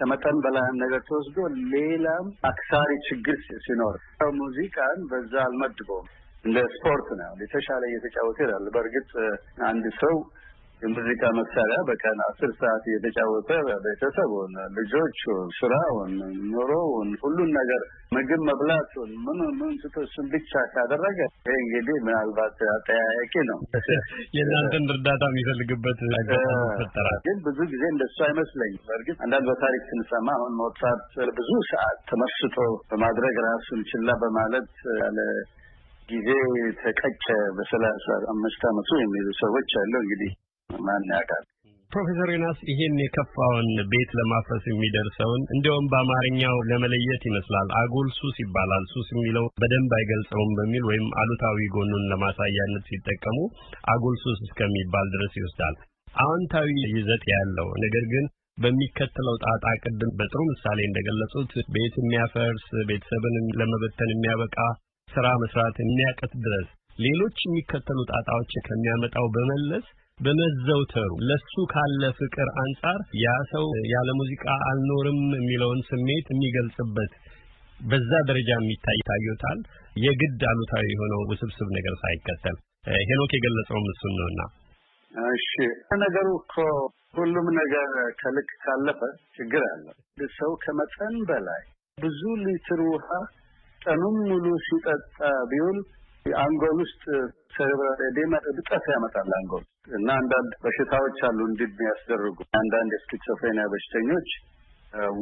ከመጠን በላይ ነገር ተወስዶ ሌላም አክሳሪ ችግር ሲኖር ሙዚቃን በዛ አልመድበውም። እንደ ስፖርት ነው የተሻለ እየተጫወተ ይላል። በእርግጥ አንድ ሰው የሙዚቃ መሳሪያ በቀን አስር ሰዓት እየተጫወተ ቤተሰቡን፣ ልጆቹን፣ ስራውን፣ ኑሮውን፣ ሁሉን ነገር ምግብ መብላቱን ምን ምን ስቶችን ብቻ ካደረገ ይህ እንግዲህ ምናልባት አጠያያቂ ነው። የእናንተን እርዳታ የሚፈልግበት ይፈጠራል። ግን ብዙ ጊዜ እንደሱ አይመስለኝ። በእርግጥ አንዳንድ በታሪክ ስንሰማ አሁን ሞጻት ብዙ ሰዓት ተመስጦ በማድረግ ራሱን ችላ በማለት ያለ ጊዜ ተቀጨ። በሰላሳ አምስት አመቱ የሚሉ ሰዎች አለው እንግዲህ ማን ያውቃል? ፕሮፌሰር ዮናስ ይሄን የከፋውን ቤት ለማፍረስ የሚደርሰውን እንዲያውም በአማርኛው ለመለየት ይመስላል አጉል ሱስ ይባላል። ሱስ የሚለው በደንብ አይገልጸውም በሚል ወይም አሉታዊ ጎኑን ለማሳያነት ሲጠቀሙ አጉል ሱስ እስከሚባል ድረስ ይወስዳል። አዎንታዊ ይዘት ያለው ነገር ግን በሚከተለው ጣጣ ቅድም በጥሩ ምሳሌ እንደገለጹት ቤት የሚያፈርስ ቤተሰብን ለመበተን የሚያበቃ ስራ መስራት የሚያቀት ድረስ ሌሎች የሚከተሉ ጣጣዎች ከሚያመጣው በመለስ በመዘውተሩ ለሱ ካለ ፍቅር አንጻር ያ ሰው ያለ ሙዚቃ አልኖርም የሚለውን ስሜት የሚገልጽበት በዛ ደረጃ የሚታይ ታዩታል። የግድ አሉታዊ የሆነው ውስብስብ ነገር ሳይከተል ሄኖክ የገለጸው እሱን ነውና፣ እሺ ነገሩ እኮ ሁሉም ነገር ከልክ ካለፈ ችግር አለ። ሰው ከመጠን በላይ ብዙ ሊትር ውሃ ቀኑን ሙሉ ሲጠጣ ቢውል አንጎል ውስጥ ሴሬብራል ኤዴማ እብጠት ያመጣል። አንጎል እና አንዳንድ በሽታዎች አሉ እንዲህ የሚያስደርጉ አንዳንድ የስኪዞፍሬኒያ በሽተኞች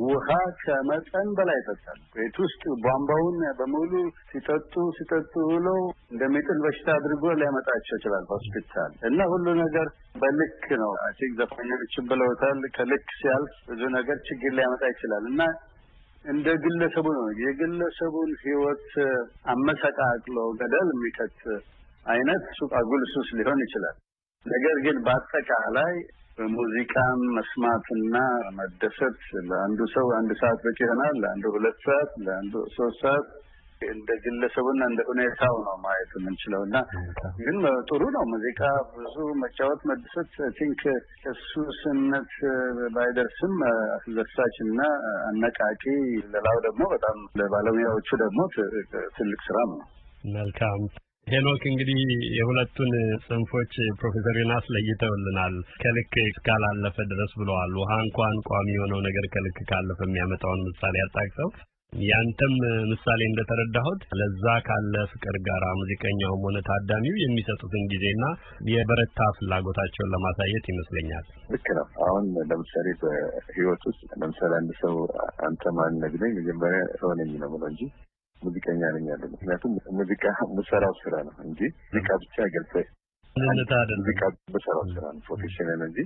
ውሃ ከመጠን በላይ ይጠጣል። ቤት ውስጥ ቧንቧውን በሙሉ ሲጠጡ ሲጠጡ ብሎ እንደሚጥል በሽታ አድርጎ ሊያመጣቸው ይችላል ሆስፒታል። እና ሁሉ ነገር በልክ ነው። አሲክ ዘፋኞችን ብለውታል። ከልክ ሲያልፍ ብዙ ነገር ችግር ሊያመጣ ይችላል እና እንደ ግለሰቡ ነው የግለሰቡን ህይወት አመሰቃቅሎ ገደል የሚከት አይነት አጉል ሱስ ሊሆን ይችላል። ነገር ግን በአጠቃላይ ሙዚቃን መስማትና መደሰት ለአንዱ ሰው አንድ ሰዓት በቂ ይሆናል፣ ለአንዱ ሁለት ሰዓት፣ ለአንዱ ሶስት ሰዓት እንደ ግለሰቡና እንደ ሁኔታው ነው ማየት የምንችለው እና ግን ጥሩ ነው። ሙዚቃ ብዙ መጫወት መደሰት ቲንክ ከሱስነት ባይደርስም አስደሳች እና አነቃቂ፣ ሌላው ደግሞ በጣም ለባለሙያዎቹ ደግሞ ትልቅ ስራም ነው። መልካም ሄኖክ እንግዲህ የሁለቱን ጽንፎች ፕሮፌሰር ዮናስ ለይተውልናል። ከልክ እስካላለፈ ድረስ ብለዋል። ውሃ እንኳን ቋሚ የሆነው ነገር ከልክ ካለፈ የሚያመጣውን ምሳሌ አጣቅሰው ያንተም ምሳሌ እንደተረዳሁት ለዛ ካለ ፍቅር ጋር ሙዚቀኛውም ሆነ ታዳሚው የሚሰጡትን ጊዜና የበረታ ፍላጎታቸውን ለማሳየት ይመስለኛል። ልክ ነው። አሁን ለምሳሌ በህይወት ውስጥ ለምሳሌ አንድ ሰው አንተ ማን ነህ መጀመሪያ ሰው ነኝ ነው ብሎ እንጂ ሙዚቀኛ ነኝ ያለ። ምክንያቱም ሙዚቃ የምሰራው ስራ ነው እንጂ ሙዚቃ ብቻ አይገልጽም። ሙዚቃ የምሰራው ስራ ነው ፕሮፌሽን እንጂ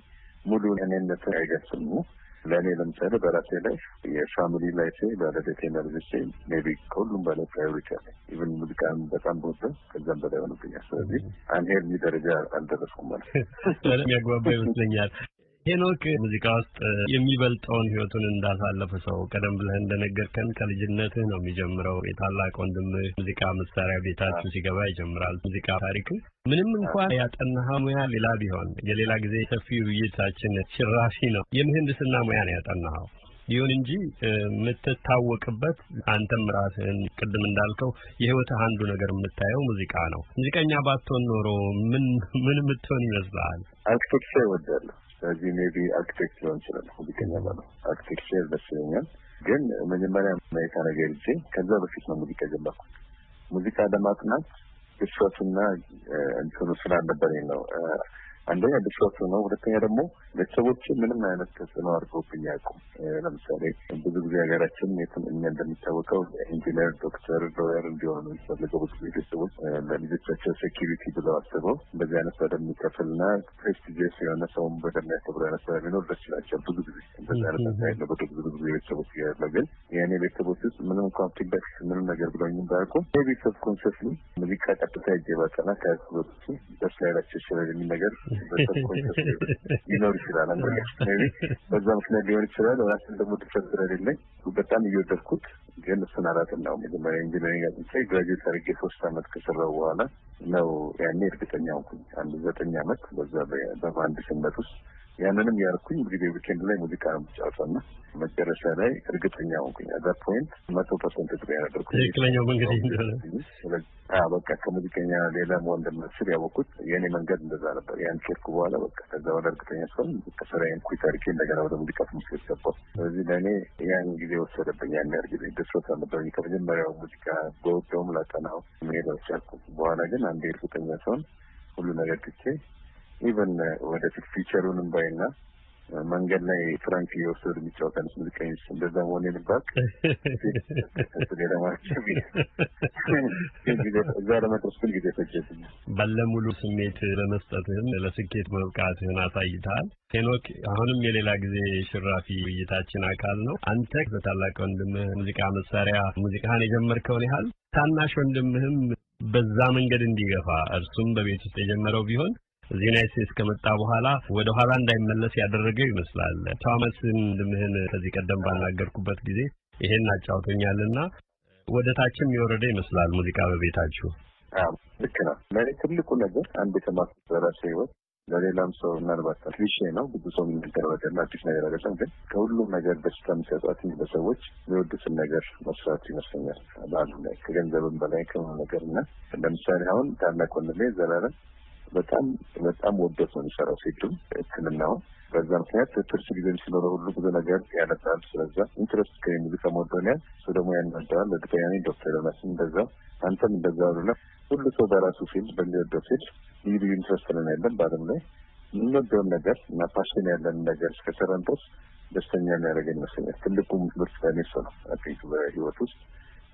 ሙሉ እኔነት አይገልጽም። ለእኔ ለምሳሌ በራሴ ላይ የፋሚሊ ላይፍ ባለቤቴ መርዝቼ ሜቢ ከሁሉም በላይ ፕራዮሪቲ አለ። ኢቨን ሙዚቃን በጣም በወደ ከዛም በላይ ሆነብኛል። ስለዚህ አንሄድ ደረጃ አልደረስኩም ማለት ነው። የሚያግባባ ይመስለኛል። ሄኖክ ሙዚቃ ውስጥ የሚበልጠውን ህይወቱን እንዳሳለፈ ሰው ቀደም ብለህ እንደነገርከን ከልጅነትህ ነው የሚጀምረው። የታላቅ ወንድምህ ሙዚቃ መሳሪያ ቤታችሁ ሲገባ ይጀምራል። ሙዚቃ ታሪክ ምንም እንኳን ያጠናኸው ሙያ ሌላ ቢሆን የሌላ ጊዜ ሰፊ ውይይታችን ሽራፊ ነው። የምህንድስና ሙያ ነው ያጠናኸው። ይሁን እንጂ የምትታወቅበት አንተም ራስህን ቅድም እንዳልከው የህይወትህ አንዱ ነገር የምታየው ሙዚቃ ነው። ሙዚቀኛ ባትሆን ኖሮ ምን ምን የምትሆን ይመስልሃል? አትክልት ይወዳለሁ ስለዚህ ሜቢ አርክቴክት ሊሆን ይችላል። ሙዚቀኛ ባለው አርክቴክቸር ደስ ይለኛል። ግን መጀመሪያ ማየታ ነገር ጊዜ ከዛ በፊት ነው ሙዚቃ የጀመርኩት። ሙዚቃ ለማጥናት ብሶቱና እንትኑ ስላልነበረኝ ነው። አንደኛ ብሶቱ ነው፣ ሁለተኛ ደግሞ ቤተሰቦች ምንም አይነት ተጽዕኖ አድርጎብኝ አያውቁም። ለምሳሌ ብዙ ጊዜ ሀገራችን እኛ እንደሚታወቀው ኢንጂነር፣ ዶክተር፣ ሎየር እንዲሆኑ የሚፈልገው ብዙ ቤተሰቦች ለልጆቻቸው ሴኪሪቲ ብለው አስበው እንደዚህ አይነት በደሚከፍል ና ፕሬስቲጂየስ የሆነ ሰውን በደሚያከብሩ አይነት ስራ ቢኖር ደስ ይላቸዋል። ብዙ ጊዜ እንደዚህ አይነት ያለ ብዙ ጊዜ ቤተሰቦች ያለው ግን የእኔ ቤተሰቦች ውስጥ ምንም እንኳን ፊድባክ ምንም ነገር ብለኝ ባያውቁም የቤተሰብ ኮንሰፕት ሙዚቃ ቀጥታ እጀ ባጠና ከያስበቱ ደስ ላይላቸው ይችላል የሚል ነገር ቤተሰብ ኮንሰፕት ይኖር ይችላል። አንድ በዛ ምክንያት ሊሆን ይችላል። ራስን ደግሞ ትቸት ሌለኝ በጣም እየወደድኩት ግን እሱን ነው መጀመሪያ ኢንጂነሪንግ አጥንቼ ግራጁዌት አድርጌ ሶስት አመት ከሰራው በኋላ ነው ያኔ እርግጠኛ ሆንኩኝ። አንድ ዘጠኝ አመት በዛ በባንድ ስነት ውስጥ ያንንም ያልኩኝ እንግዲህ በዊኬንድ ላይ ሙዚቃ ነው የምጫወተው እና መጨረሻ ላይ እርግጠኛ ሆንኩኝ። አዛ ፖይንት መቶ ፐርሰንት እርግጠኛ ነበርኩ ትክክለኛው መንገድ በቃ ከሙዚቀኛ ሌላ መሆን እንደምስል ያወቅኩት የእኔ መንገድ እንደዛ ነበር። ያን ኬርኩ በኋላ በቃ ከዛ በኋላ እርግጠኛ ሲሆን ስራዬን ኩዊት አድርጌ እንደገና ወደ ሙዚቃ ትምህርት ቤት ገባሁ። ስለዚህ ለእኔ ያን ጊዜ ወሰደብኝ። ያን ጊዜ ደስሮት አልነበረኝ። ከመጀመሪያው ሙዚቃ በውደውም ላጠናው መሄድ አልቻልኩም። በኋላ ግን አንዴ እርግጠኛ ሲሆን ሁሉ ነገር ትቼ ኢቨን uh, ወደፊት ፊቸሩንም ባይና uh, መንገድ ላይ ፍራንክ እየወሰዱ የሚጫወታል ስምልቀኞች እንደዛ መሆን የልባት ሌለማቸው እዛ ለመድረስ ግን ጊዜ ፈጀብኝ። ባለሙሉ ስሜት በመስጠትህም ለስኬት መብቃትህን አሳይተሃል። ሄኖክ፣ አሁንም የሌላ ጊዜ ሽራፊ ውይይታችን አካል ነው። አንተ በታላቅ ወንድምህ ሙዚቃ መሳሪያ ሙዚቃህን የጀመርከውን ያህል ታናሽ ወንድምህም በዛ መንገድ እንዲገፋ እርሱም በቤት ውስጥ የጀመረው ቢሆን እዚህ ዩናይት ስቴትስ ከመጣ በኋላ ወደ ኋላ እንዳይመለስ ያደረገው ይመስላል። ቶማስን ልምህን ከዚህ ቀደም ባናገርኩበት ጊዜ ይሄን አጫውቶኛልና ወደ ታችም የወረደ ይመስላል ሙዚቃ በቤታችሁ። ልክ ነው። ለእኔ ትልቁ ነገር አንድ የተማርኩት በራሴ ህይወት ለሌላም ሰው ምናልባት ክሊሼ ነው፣ ብዙ ሰው የሚናገረው አዲስ ነገር አይደለም። ግን ከሁሉም ነገር ደስታ የሚሰጧት በሰዎች የወዱትን ነገር መስራት ይመስለኛል። በአሉ ላይ ከገንዘብም በላይ ከሆነ ነገር እና ለምሳሌ አሁን ታላቅ ወንድሜ ዘላለም በጣም በጣም ወደት ነው የሚሰራው ሴቱም ሕክምናው በዛ ምክንያት ትርስ ጊዜ ሲኖረ ሁሉ ብዙ ነገር ያነጣል። ስለዛ ኢንትረስት ከሚሉ ከመዶኒያ እሱ ደግሞ ያናደዋል። እርግጠኛ ነኝ ዶክተር ዮናስ እንደዛ አንተም እንደዛ ሉና ሁሉ ሰው በራሱ ፊልድ በሚወደው ፊልድ ልዩ ልዩ ኢንትረስት ነን ያለን በአለም ላይ የምንወደውን ነገር እና ፓሽን ያለን ነገር እስከሰራን ድረስ ደስተኛ የሚያደርገን ይመስለኛል። ትልቁ ምርት ከኔ እሱ ነው በህይወት ውስጥ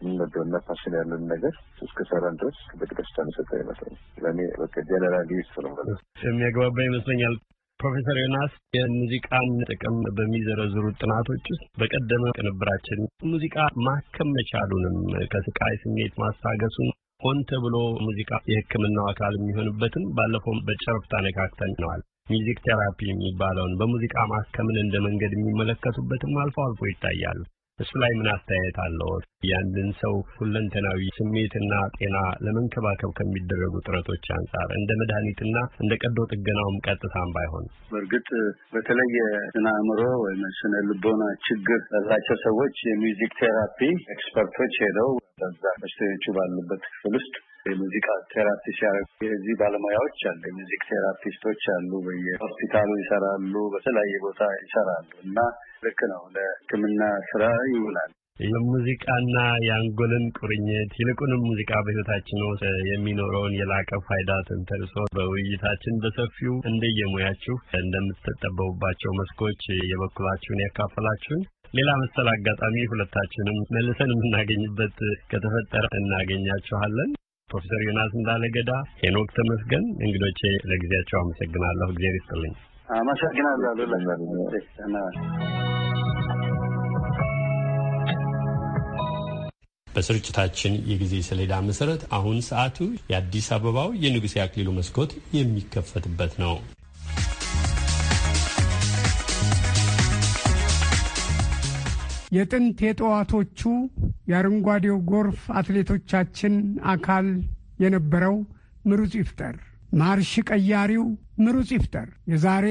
የምንወደው እና ፋሽን ያለን ነገር ሰራን ድረስ በቅደሽታ መሰጠ ይመስላል። ለእኔ በቃ ጀነራል ዩስ ነው ማለት የሚያግባባ ይመስለኛል። ፕሮፌሰር ዮናስ የሙዚቃን ጥቅም በሚዘረዝሩ ጥናቶች ውስጥ በቀደመ ቅንብራችን ሙዚቃ ማከም መቻሉንም ከስቃይ ስሜት ማስታገሱን ሆን ተብሎ ሙዚቃ የሕክምናው አካል የሚሆንበትን ባለፈው በጨረፍታ ነካክተን ነዋል። ሚዚክ ቴራፒ የሚባለውን በሙዚቃ ማከምን እንደ መንገድ የሚመለከቱበትም አልፎ አልፎ ይታያል። እሱ ላይ ምን አስተያየት አለዎት? የአንድን ሰው ሁለንተናዊ ስሜትና ጤና ለመንከባከብ ከሚደረጉ ጥረቶች አንጻር እንደ መድኃኒትና እንደ ቀዶ ጥገናውም ቀጥታም ባይሆን በእርግጥ በተለይ የስነ አእምሮ ወይም ስነ ልቦና ችግር ያላቸው ሰዎች የሚዚክ ቴራፒ ኤክስፐርቶች ሄደው በዛ በሽተኞቹ ባሉበት ክፍል ውስጥ የሙዚቃ ቴራፒ ሲያደርጉ የዚህ ባለሙያዎች አሉ። የሙዚክ ቴራፒስቶች አሉ። በየሆስፒታሉ ይሰራሉ፣ በተለያየ ቦታ ይሰራሉ እና ልክ ነው ለሕክምና ስራ ይውላል። የሙዚቃና የአንጎልን ቁርኝት ይልቁንም ሙዚቃ በህይወታችን ውስጥ የሚኖረውን የላቀ ፋይዳ ተንተርሶ በውይይታችን በሰፊው እንደየሙያችሁ እንደምትጠበቡባቸው መስኮች የበኩላችሁን ያካፈላችሁን ሌላ መሰል አጋጣሚ ሁለታችንም መልሰን የምናገኝበት ከተፈጠረ እናገኛችኋለን። ፕሮፌሰር ዮናስ እንዳለገዳ፣ ሄኖክ ተመስገን እንግዶቼ ለጊዜያቸው አመሰግናለሁ። እግዚአብሔር ይስጥልኝ። አመሰግናለሁ እግዚአብሔር ይስጥልኝ አመሰግናለሁ በስርጭታችን የጊዜ ሰሌዳ መሰረት አሁን ሰዓቱ የአዲስ አበባው የንጉሴ አክሊሉ መስኮት የሚከፈትበት ነው። የጥንት የጠዋቶቹ የአረንጓዴው ጎርፍ አትሌቶቻችን አካል የነበረው ምሩጽ ይፍጠር ማርሽ ቀያሪው ምሩጽ ይፍጠር የዛሬ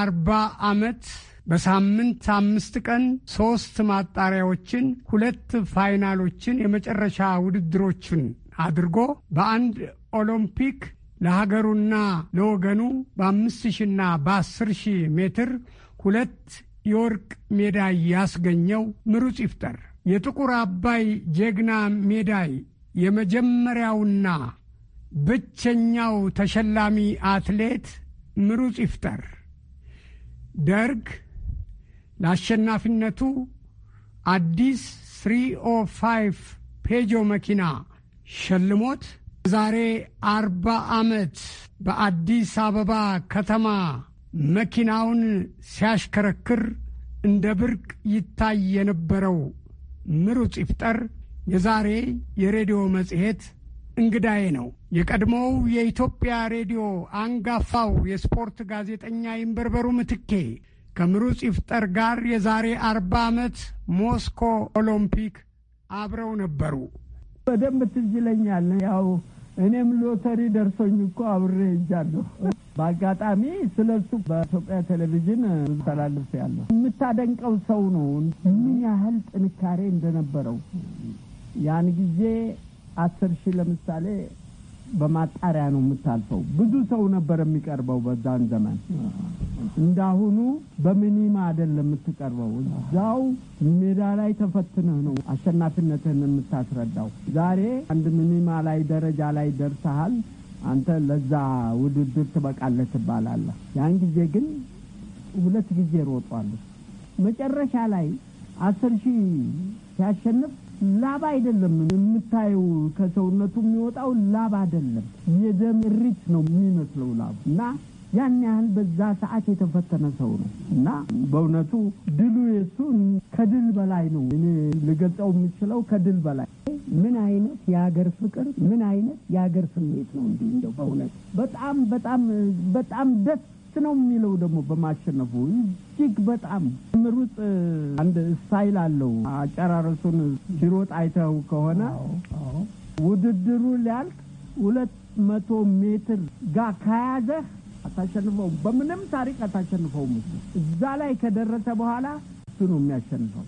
አርባ ዓመት በሳምንት አምስት ቀን ሦስት ማጣሪያዎችን ሁለት ፋይናሎችን የመጨረሻ ውድድሮችን አድርጎ በአንድ ኦሎምፒክ ለሀገሩና ለወገኑ በአምስት ሺና በአስር ሺህ ሜትር ሁለት የወርቅ ሜዳይ ያስገኘው ምሩጽ ይፍጠር የጥቁር አባይ ጀግና ሜዳይ የመጀመሪያውና ብቸኛው ተሸላሚ አትሌት ምሩጽ ይፍጠር ደርግ ለአሸናፊነቱ አዲስ ስሪ ፔጆ መኪና ሸልሞት ዛሬ አርባ ዓመት በአዲስ አበባ ከተማ መኪናውን ሲያሽከረክር እንደ ብርቅ ይታይ የነበረው ምሩጽ ይፍጠር የዛሬ የሬዲዮ መጽሔት እንግዳዬ ነው። የቀድሞው የኢትዮጵያ ሬዲዮ አንጋፋው የስፖርት ጋዜጠኛ ይንበርበሩ ምትኬ ከምሩጽ ይፍጠር ጋር የዛሬ አርባ ዓመት ሞስኮ ኦሎምፒክ አብረው ነበሩ። በደንብ ትዝ ይለኛል ያው እኔም ሎተሪ ደርሶኝ እኮ አብሬ እጃለሁ። በአጋጣሚ ስለ እሱ በኢትዮጵያ ቴሌቪዥን ተላልፍ ያለሁ የምታደንቀው ሰው ነው። ምን ያህል ጥንካሬ እንደነበረው ያን ጊዜ አስር ሺህ ለምሳሌ በማጣሪያ ነው የምታልፈው። ብዙ ሰው ነበር የሚቀርበው በዛን ዘመን። እንዳሁኑ በሚኒማ አይደለም የምትቀርበው። እዛው ሜዳ ላይ ተፈትነህ ነው አሸናፊነትህን የምታስረዳው። ዛሬ አንድ ሚኒማ ላይ ደረጃ ላይ ደርሰሃል። አንተ ለዛ ውድድር ትበቃለህ ትባላለህ። ያን ጊዜ ግን ሁለት ጊዜ ሮጧል። መጨረሻ ላይ አስር ሺህ ሲያሸንፍ ላብ አይደለም የምታየው፣ ከሰውነቱ የሚወጣው ላብ አይደለም፣ የደም እሪት ነው የሚመስለው ላብ እና ያን ያህል በዛ ሰዓት የተፈተነ ሰው ነው እና በእውነቱ ድሉ የሱ ከድል በላይ ነው። እኔ ልገልጸው የምችለው ከድል በላይ ምን አይነት የሀገር ፍቅር፣ ምን አይነት የሀገር ስሜት ነው እንዲህ እንደው በእውነት በጣም በጣም በጣም ደስ ስ ነው የሚለው ደግሞ በማሸነፉ እጅግ በጣም ምሩጥ አንድ ስታይል አለው። አጨራረሱን ሲሮጥ አይተው ከሆነ ውድድሩ ሊያልቅ ሁለት መቶ ሜትር ጋር ከያዘህ አታሸንፈውም። በምንም ታሪክ አታሸንፈውም። እዛ ላይ ከደረሰ በኋላ እሱ ነው የሚያሸንፈው።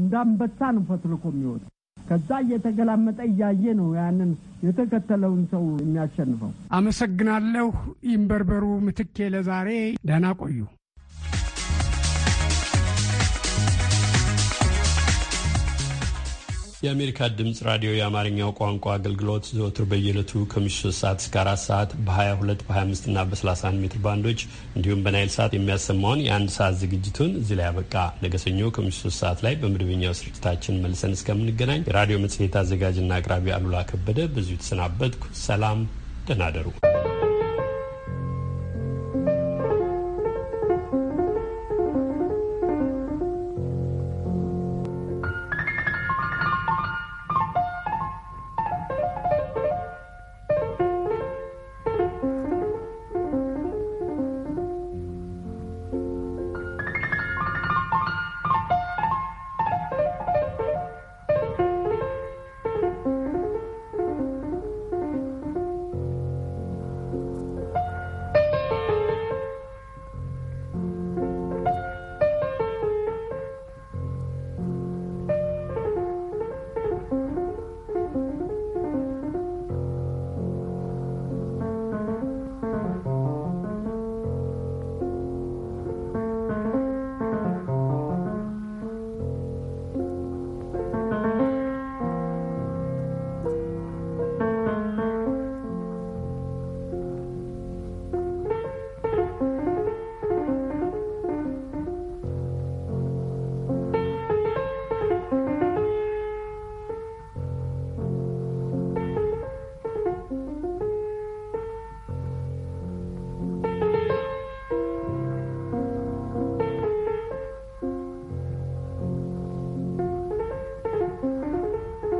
እንዳንበሳ ነው ፈትልኮ የሚወጣ ከዛ እየተገላመጠ እያየ ነው ያንን የተከተለውን ሰው የሚያሸንፈው። አመሰግናለሁ። ይምበርበሩ ምትኬ ለዛሬ ደህና ቆዩ። የአሜሪካ ድምጽ ራዲዮ የአማርኛው ቋንቋ አገልግሎት ዘወትር በየለቱ ከምሽቱ 3 ሰዓት እስከ አራት ሰዓት በ22 በ25 እና በ31 ሜትር ባንዶች እንዲሁም በናይል ሰዓት የሚያሰማውን የአንድ ሰዓት ዝግጅቱን እዚህ ላይ ያበቃ። ነገ ሰኞ ከምሽቱ 3 ሰዓት ላይ በመደበኛው ስርጭታችን መልሰን እስከምንገናኝ የራዲዮ መጽሔት አዘጋጅና አቅራቢ አሉላ ከበደ በዚሁ ተሰናበትኩ። ሰላም፣ ደህና ደሩ።